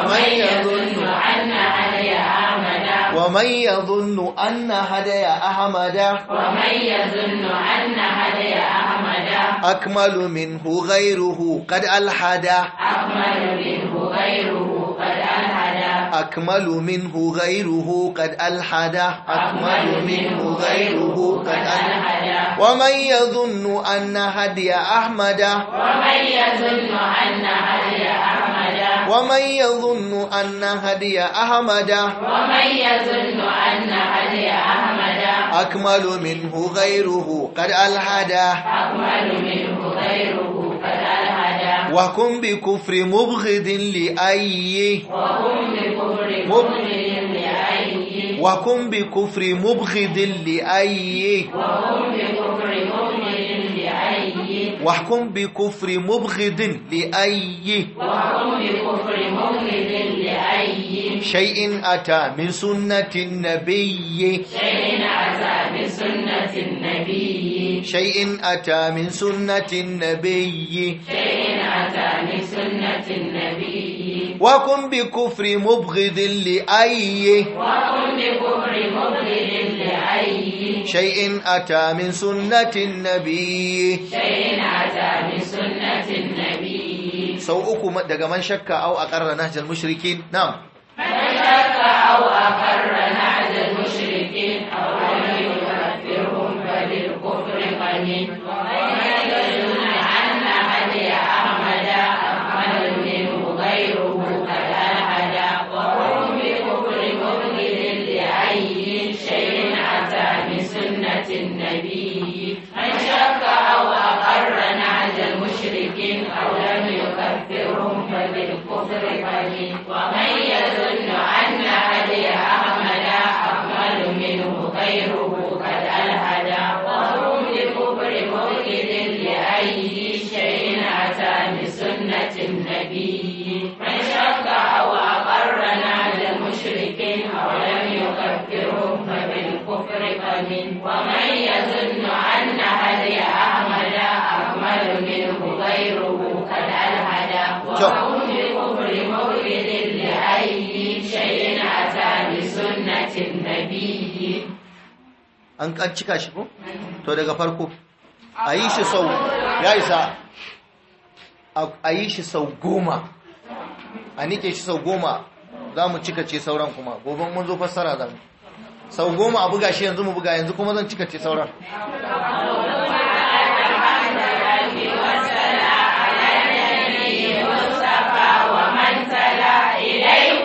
ومن يظن أن هدي أحمد ومن يظن أن هدي أحمد ومن يظن أن هدي أحمد أكمل منه غيره قد ألحد أكمل منه غيره أكمل منه غيره قد ألحد أكمل منه غيره قد ألحد ومن يظن أن هدي أحمد ومن يظن أن هدي أحمد ومن يظن أن هدي أحمد ومن يظن أن هدي أحمد أكمل منه غيره قد ألحد أكمل منه غيره وكن بكفر مبغض لأي وكن وكن بكفر مبغض لأي وكن بكفر مبغض لأي وحكم بكفر مبغض شيء أتى من سنة النبي شيء أتى من سنة النبي شيء أتى من سنة النبي شيء أتى من سنة النبي وكن بكفر مبغض لأي وكن بكفر مبغض لأي شيء أتى من سنة النبي شيء أتى من سنة النبي سوءكم دقمان شك أو أقر نهج المشركين نعم من شك أو أقر نهج أعوذ an an cika shi ko to daga farko a yi shi sau ya isa a yi shi sau goma a nike shi sau goma za mu cika ce sauran kuma goben mun zo fassara za mu sau goma a buga shi yanzu mu buga yanzu kuma zan cika ce sauran name.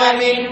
العالمين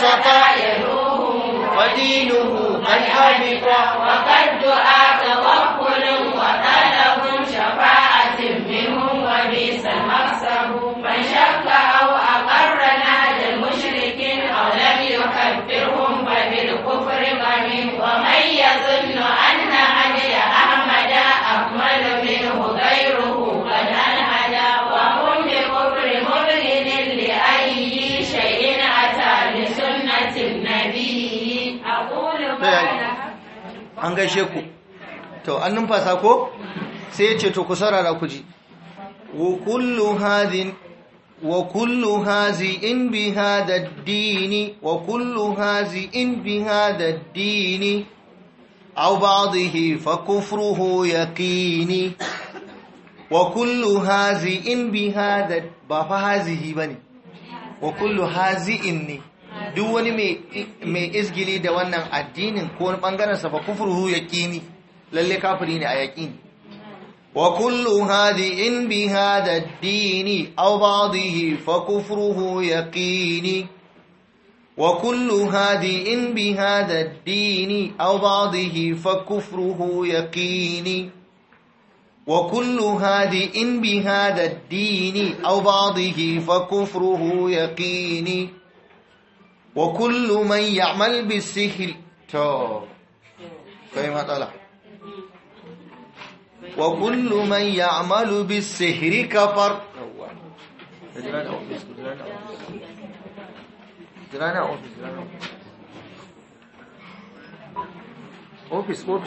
استطاع ودينه من علم an gaishe ku to an numfasa ko sai ya ce to ku saurara ku ji wa kullu hazi in hazi'in bi hada ad-dini wa kullu in bi hada dini aw ba'dihi fa kufruhu yaqini wa kullu in bi hada ba fa hazihi bane wa kullu hazi'in ne duk wani mai izgili da wannan addinin ko wani bangaren sa fa kufruhu yaqini lalle kafiri ne a yaqini wa kullu hadhi in bi hadha ad-din aw ba'dihi fa kufruhu yaqini wa kullu hadhi in bi hadha ad-din aw ba'dihi fa kufruhu yaqini وكل هاد إن بهذا الدين أو بعضه فكفره يقيني وكل من يعمل بالسهل كيف طلع وكل من يعمل بالسهر كفر وكل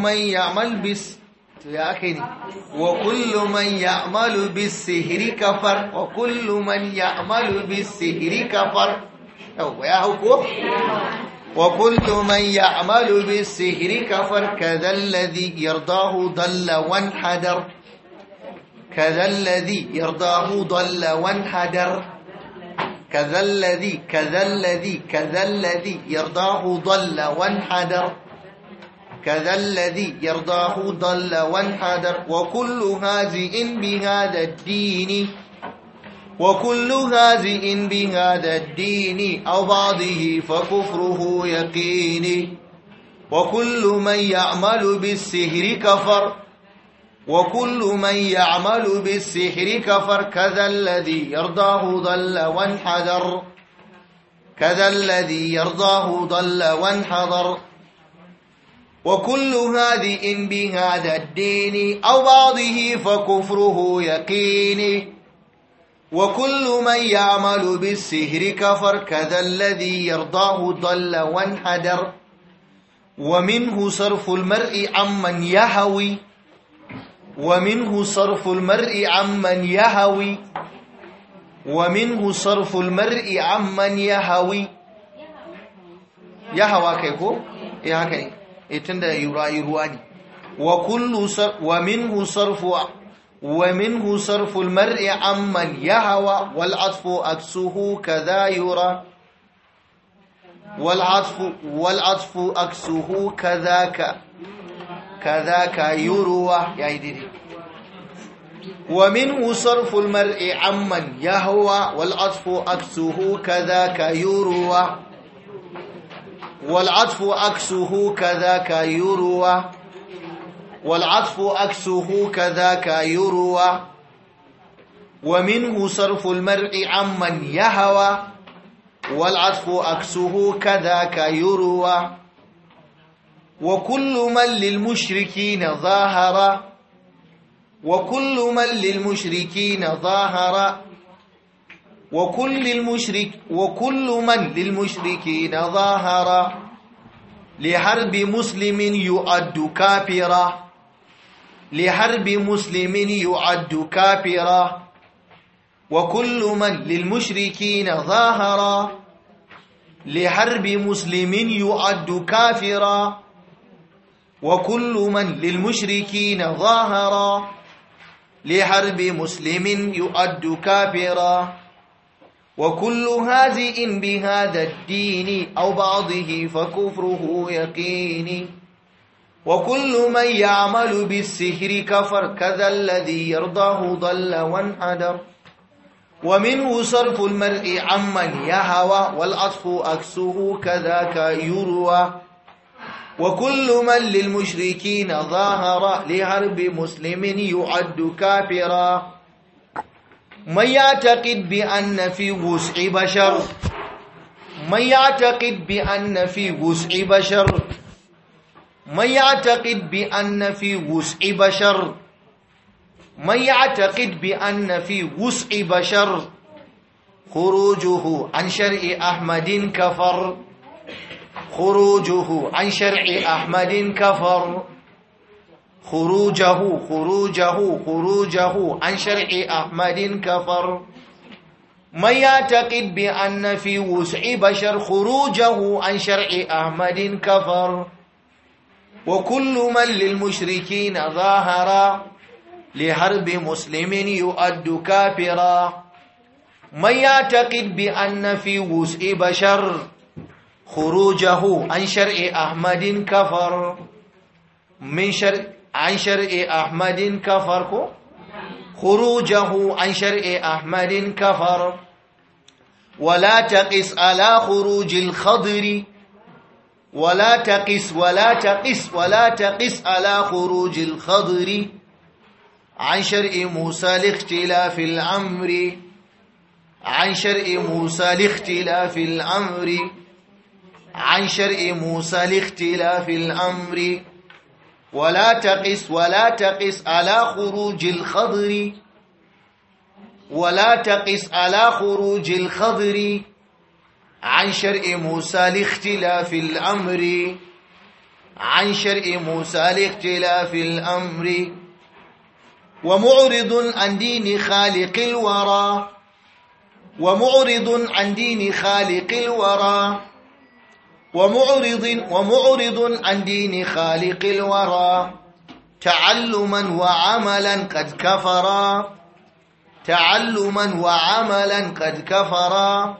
من يعمل بالسهر يا أخي وكل من يعمل بالسحر كفر وكل من يعمل بالسحر كفر يا هو وكل من يعمل بالسحر كفر كذا الذي يرضاه ضل وانحدر كذا الذي يرضاه ضل وانحدر كذا الذي كذا الذي كذا الذي يرضاه ضل وانحدر كذا الذي يرضاه ضل وانحدر وكل هازئ بهذا الدين وكل هازئ بهذا الدين أو بعضه فكفره يقيني وكل من يعمل بالسحر كفر وكل من يعمل بالسحر كفر كذا الذي يرضاه ضل وانحدر كذا الذي يرضاه ضل وانحدر وكل هادئ بهذا الدين أو بعضه فكفره يقيني وكل من يعمل بالسهر كفر كذا الذي يرضاه ضل وانحدر ومنه صرف المرء عمن يهوي ومنه صرف المرء عمن يهوي ومنه صرف المرء عمن يهوي يهوى كيفو يهوى كيفو itin eh, da yurayi ruwa ne wa kullu wa minhu sarfu wa minhu sarfu almar'i amman yahwa wal atfu aksuhu kadha yura wal wal aksuhu kadhaka kadhaka yurwa wa minhu sarfu almar'i yahwa wal aksuhu kadhaka yurwa والعطف أكسه كذاك يروى والعطف أكسه كذاك يروى ومنه صرف المرء عمن يهوى والعطف أكسه كذاك يروى وكل من للمشركين ظاهر وكل من للمشركين ظاهر وكل للمشرك وكل من للمشركين ظاهر لحرب مسلم يؤد كافرا لحرب مسلم يعد كافرا وكل من للمشركين ظاهرا لحرب مسلم يعد كافرا وكل من للمشركين ظاهرا لحرب مسلم يؤد كافرا وكل هازئ بهذا الدين أو بعضه فكفره يقيني وكل من يعمل بالسحر كفر كذا الذي يرضاه ضل وانحدر ومنه صرف المرء عمن يهوى والعطف أكسه كذاك يروى وكل من للمشركين ظاهر لحرب مسلم يعد كافرا من يعتقد بأن في وسع بشر من يعتقد بأن في وسع بشر من يعتقد بأن في وسع بشر من يعتقد بأن في وسع بشر خروجه عن شرع أحمد كفر خروجه عن شرع أحمد كفر خروجه خروجه خروجه عن شرع أحمد كفر من يعتقد بأن في وسع بشر خروجه عن شرع أحمد كفر وكل من للمشركين ظاهرا لحرب مسلم يؤد كافرا من يعتقد بأن في وسع بشر خروجه عن شرع أحمد كفر من شرع عن شرع احمد كفر خروجه عن شرع احمد كفر ولا تقس على خروج الخضر ولا تقس ولا تقس ولا تقس على خروج الخضر عن شرع موسى لاختلاف الامر عن شرع موسى لاختلاف الامر عن شرع موسى لاختلاف الامر ولا تقس ولا تقس على خروج الخضر ولا تقس على خروج الخضر عن شرع موسى لاختلاف الأمر عن شرع موسى لاختلاف الأمر ومعرض عن دين خالق الورى ومعرض عن دين خالق الورى ومعرض ومعرض عن دين خالق الورى تعلما وعملا قد كفرا تعلما وعملا قد كفرا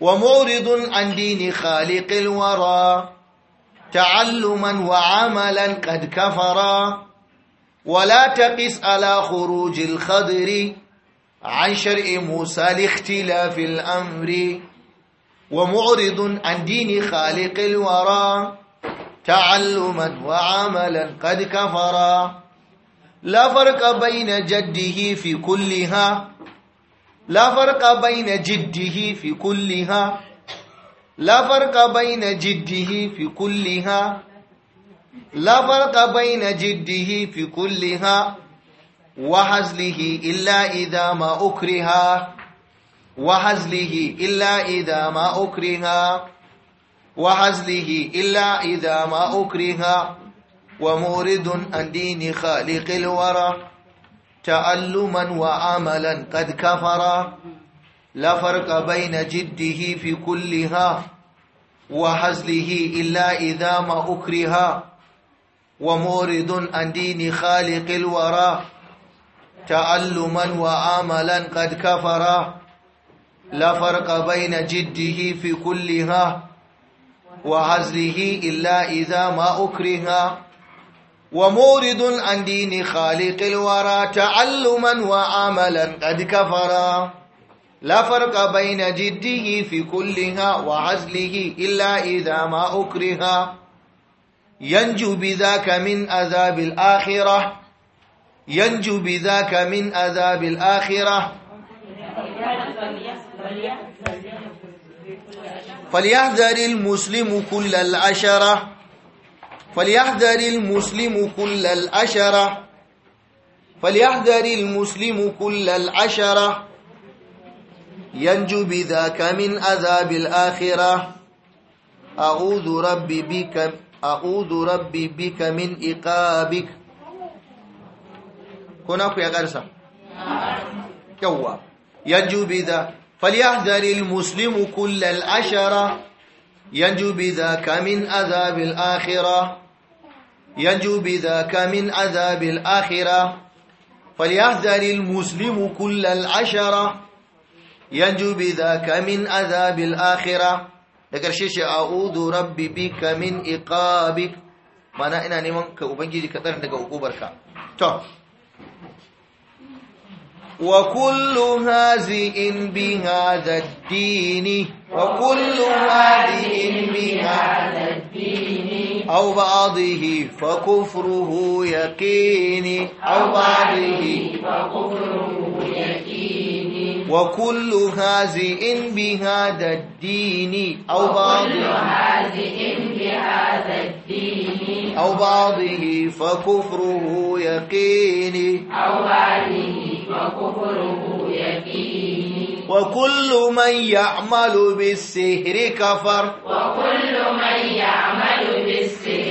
ومعرض عن دين خالق الورى تعلما وعملا قد كفرا ولا تقس على خروج الخضر عن شرع موسى لاختلاف الأمر ومعرض عن دين خالق الورى تعلما وعملا قد كفرا لا فرق بين جده في كلها لا فرق بين جده في كلها لا فرق بين جده في كلها لا فرق بين جده في كلها وحزله إلا إذا ما أكرها وهزله إلا إذا ما أكره وهزله إلا إذا ما أكره ومورد عن دين خالق الورى تعلما وعملا قد كفر لا فرق بين جده في كلها وهزله إلا إذا ما أكره ومورد عن دين خالق الورى تعلما وعملا قد كفر لا فرق بين جده في كلها وعزله إلا إذا ما أكره ومورد عن دين خالق الورى تعلما وعملا قد كفرا لا فرق بين جده في كلها وعزله إلا إذا ما أكره ينجو بذاك من عذاب الآخرة ينجو بذاك من عذاب الآخرة فليحذر المسلم كل العشرة فليحذر المسلم كل العشرة فليحذر المسلم كل العشرة ينجو بذاك من عذاب الآخرة أعوذ ربي بك أعوذ ربي بك من إقابك كنا في غرسة كوا ينجو بذاك فليحذر المسلم كل العشرة ينجو بذاك من أذاب الآخرة ينجو بذاك من أذاب الآخرة فليحذر المسلم كل العشرة ينجو بذاك من أذاب الآخرة لكن شيء أعوذ ربي بك من إقابك ما إنا نمان كأبنجي كتر لك أقوبرك تو وكل هازئ بهذا الدين وكل هازئ بهذا الدين أو بعضه فكفره يقين أو بعضه فكفره يقين وكل هازئ بهذا الدين أو بعضه بهذا الدين أو بعضه فكفره يقين أو بعضه وكل من يعمل بالسحر كفر وكل من يعمل بالسحر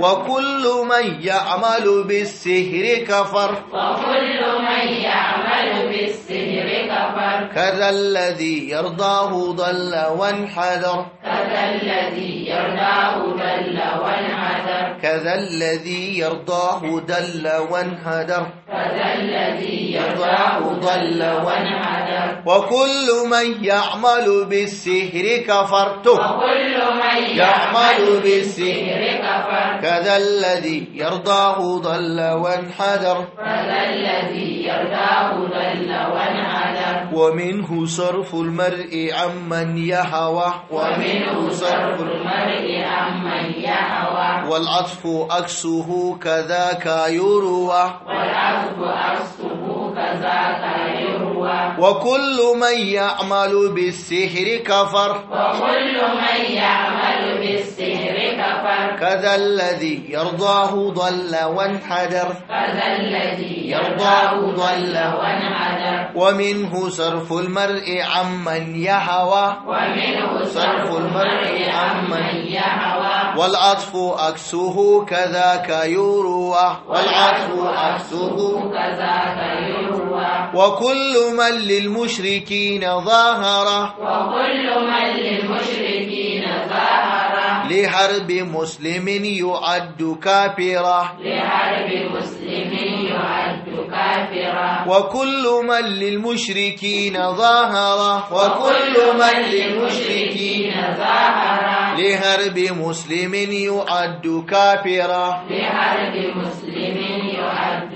وكل من يعمل بالسحر كفر وكل من يعمل بالسحر كفر كذا الذي يرضاه ضل وانحدر كذا الذي يرضاه ضل وانحدر كذا الذي يرضاه ضل وانحدر كذا الذي يرضاه ضل وانحدر وكل من يعمل بالسحر كفرته وكل من يعمل بالسحر كفر فذا الذي يرضاه ضل وانحدر فذا الذي يرضاه ضل وانحدر ومنه صرف المرء عمن يهوى ومنه صرف المرء عمن يهوى والعطف أكسه كذاك يروى والعطف أكسه كذاك يروى وكل من يعمل بالسحر كفر وكل من يعمل بالسحر كفر كذا الذي يرضاه ضل وانحدر كذا الذي يرضاه ضل وانحدر ومنه صرف المرء عمن يهوى ومنه صرف المرء عمن يهوى والعطف أكسه كذاك يروى والعطف أكسه كذاك يروى وكل من للمشركين ظاهرة وكل من للمشركين ظاهرة لحرب مسلم يعد كافرة لحرب مسلم يعد كافرة وكل من للمشركين ظاهرة وكل من للمشركين ظاهرة لحرب مسلم يعد كافرة لحرب مسلم يعد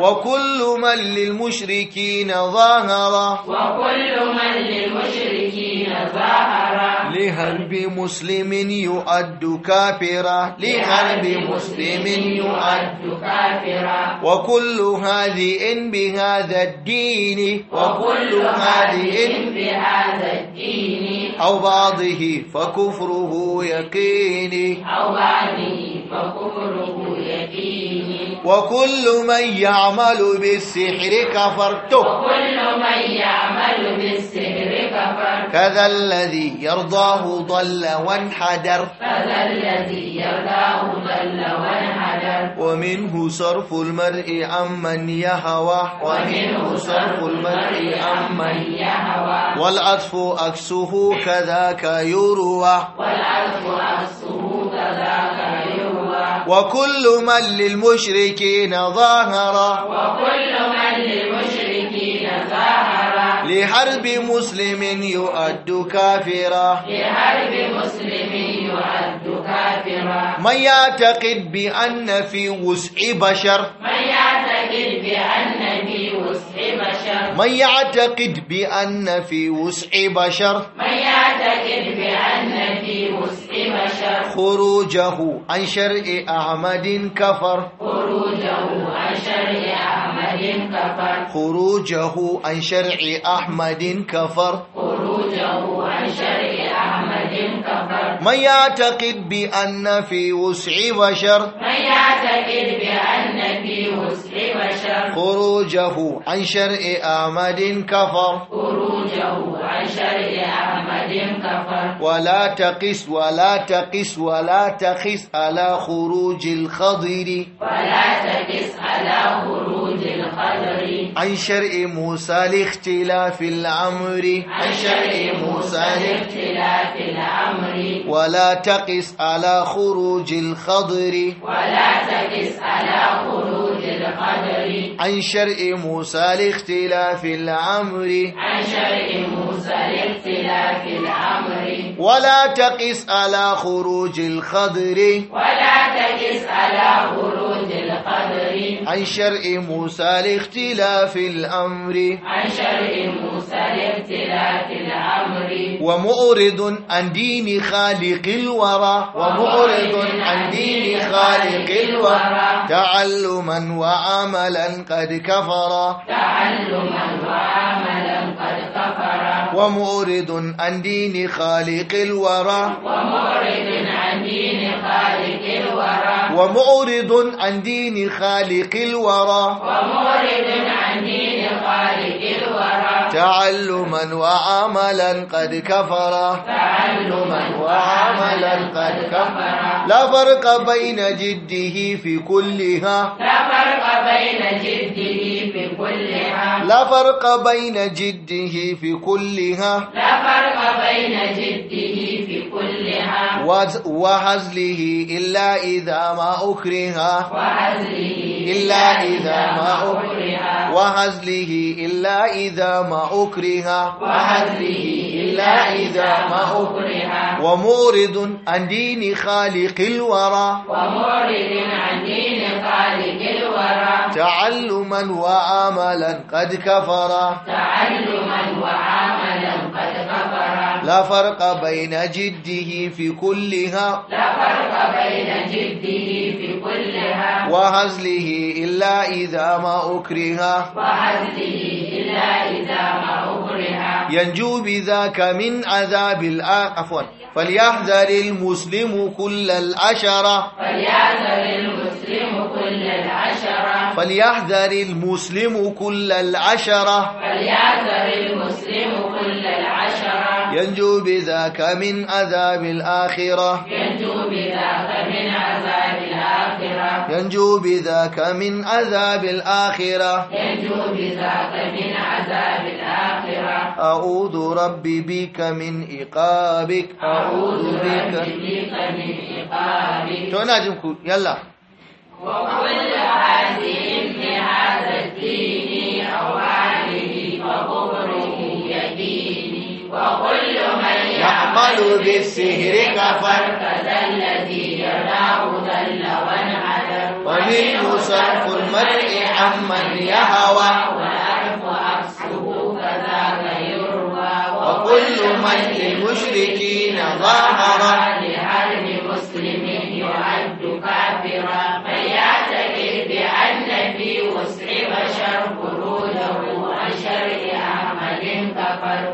وكل من للمشركين ظاهرة وكل من للمشركين ظاهرة لهرب مسلم يؤد كافرا لهرب مسلم يؤد كافرا وكل هذه بهذا الدين وكل هذه بهذا الدين أو بعضه فكفره يقيني أو بعضه فكفره يقيني وكل من يعمل بالسحر كفرته وكل من يعمل بالسحر كفر كذا الذي يرضاه ضل وانحدر كذا الذي يرضاه ضل وانحدر ومنه صرف المرء عمن يهوى ومنه صرف المرء عمن يهوى والعطف أكسه كذاك يروى والعطف أكسه كذاك يروى وكل من للمشركين ظاهرا وكل من للمشركين ظاهرا لحرب مسلم يؤد كافرا لحرب مسلم يؤد كافرا من يعتقد بأن في وسع بشر من يعتقد بأن في من يعتقد بأن في وسع بشر من يعتقد بأن في وسع بشر خروجه عن شرع أحمد كفر خروجه عن شرع أحمد كفر خروجه عن شرع أحمد كفر خروجه عن شرع أحمد كفر من يعتقد بأن في وسع بشر من يعتقد بأن في وسع بشر خروجه عن شرع أحمد كفر خروجه عن شرع أحمد كفر ولا تقس ولا تقس ولا تقس على خروج الخضر ولا تقس على خروج الخضر عن شرع موسى لاختلاف الأمر عن شرع موسى لاختلاف الأمر ولا تقس على خروج الخضر ولا تقس على خروج الخضر عن شرع موسى لاختلاف الأمر عن شرع موسى لاختلاف الأمر ولا تقس على خروج الخضر ولا تقس على خروج الخضر عن شرع موسى لاختلاف الأمر عن شرع موسى لاختلاف الأمر ومؤرد عن دين خالد خالق الورى ومعرض عن دين خالق الورى تعلما وعملا قد كفر تعلما وعملا قد كفر ومورد عن دين خالق الورى ومورد عن دين خالق الورى ومورد عن دين خالق الورى ومورد عن دين خالق الورى تعلما وعملا قد كفر تعلما وعملا قد كفر لا فرق بين جده في كلها لا فرق بين جده في كلها لا فرق بين جده في كلها كلها لا فرق بين جده في كلها وهزله إلا إذا ما أكرها وهزله إلا إذا ما أكره وهزله إلا إذا ما أكرها وهزله إلا إذا ما أكرها ومورد عن دين خالق الورى ومورد عن دين خالق الورى تعلما وعملا قد كفر تعلما وعملا لا فرق بين جده في كلها لا فرق بين جده في كلها وهزله إلا إذا ما اكرها وهزله إلا إذا ما اكرها ينجو بذاك من عذاب الآخر آه، عفوا فليحذر المسلم كل العشرة فليحذر المسلم كل العشرة فليحذر المسلم كل العشرة فليحذر المسلم كل ينجو بذاك من عذاب الآخرة ينجو بذاك من عذاب الآخرة ينجو بذاك من عذاب الآخرة ينجو بذاك من عذاب الآخرة أعوذ ربي بك من إقابك أعوذ بك من إقابك تناجمكم يلا وكل عزيم في هذا الدين أو وكل من يعمل بالسهر كفر كذا الذي يدع ذل وانعدم ومنه صرف المرء عمن يهوى والعرف عكسه كذاك يروى وكل من للمشركين ظاهر لحرب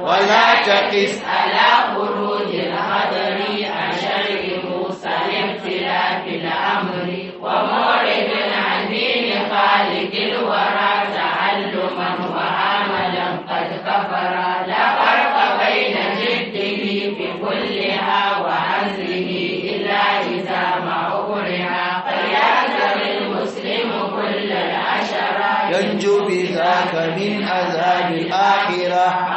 ولا تقس على خروج الحضر عن شرع موسى لاختلاف الامر عن دين خالق الورى تعلما وعملا قد كفر لا فرق بين جده في كلها وعزله الا اذا ما اقرها فليعزم المسلم كل العشرة ينجو بذاك من عذاب الاخره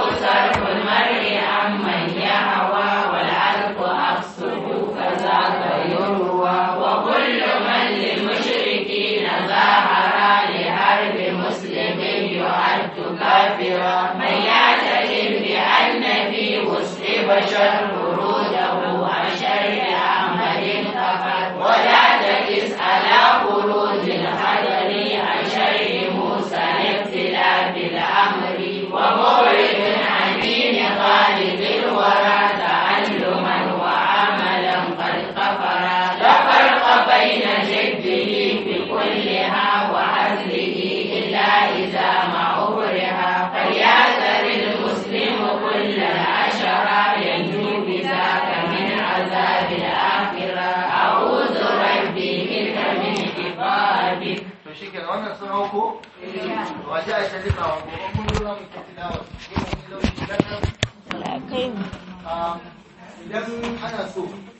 غافرة من يعترف بأن في وسط kawo ko? Wa a yi ta kawo Idan ana so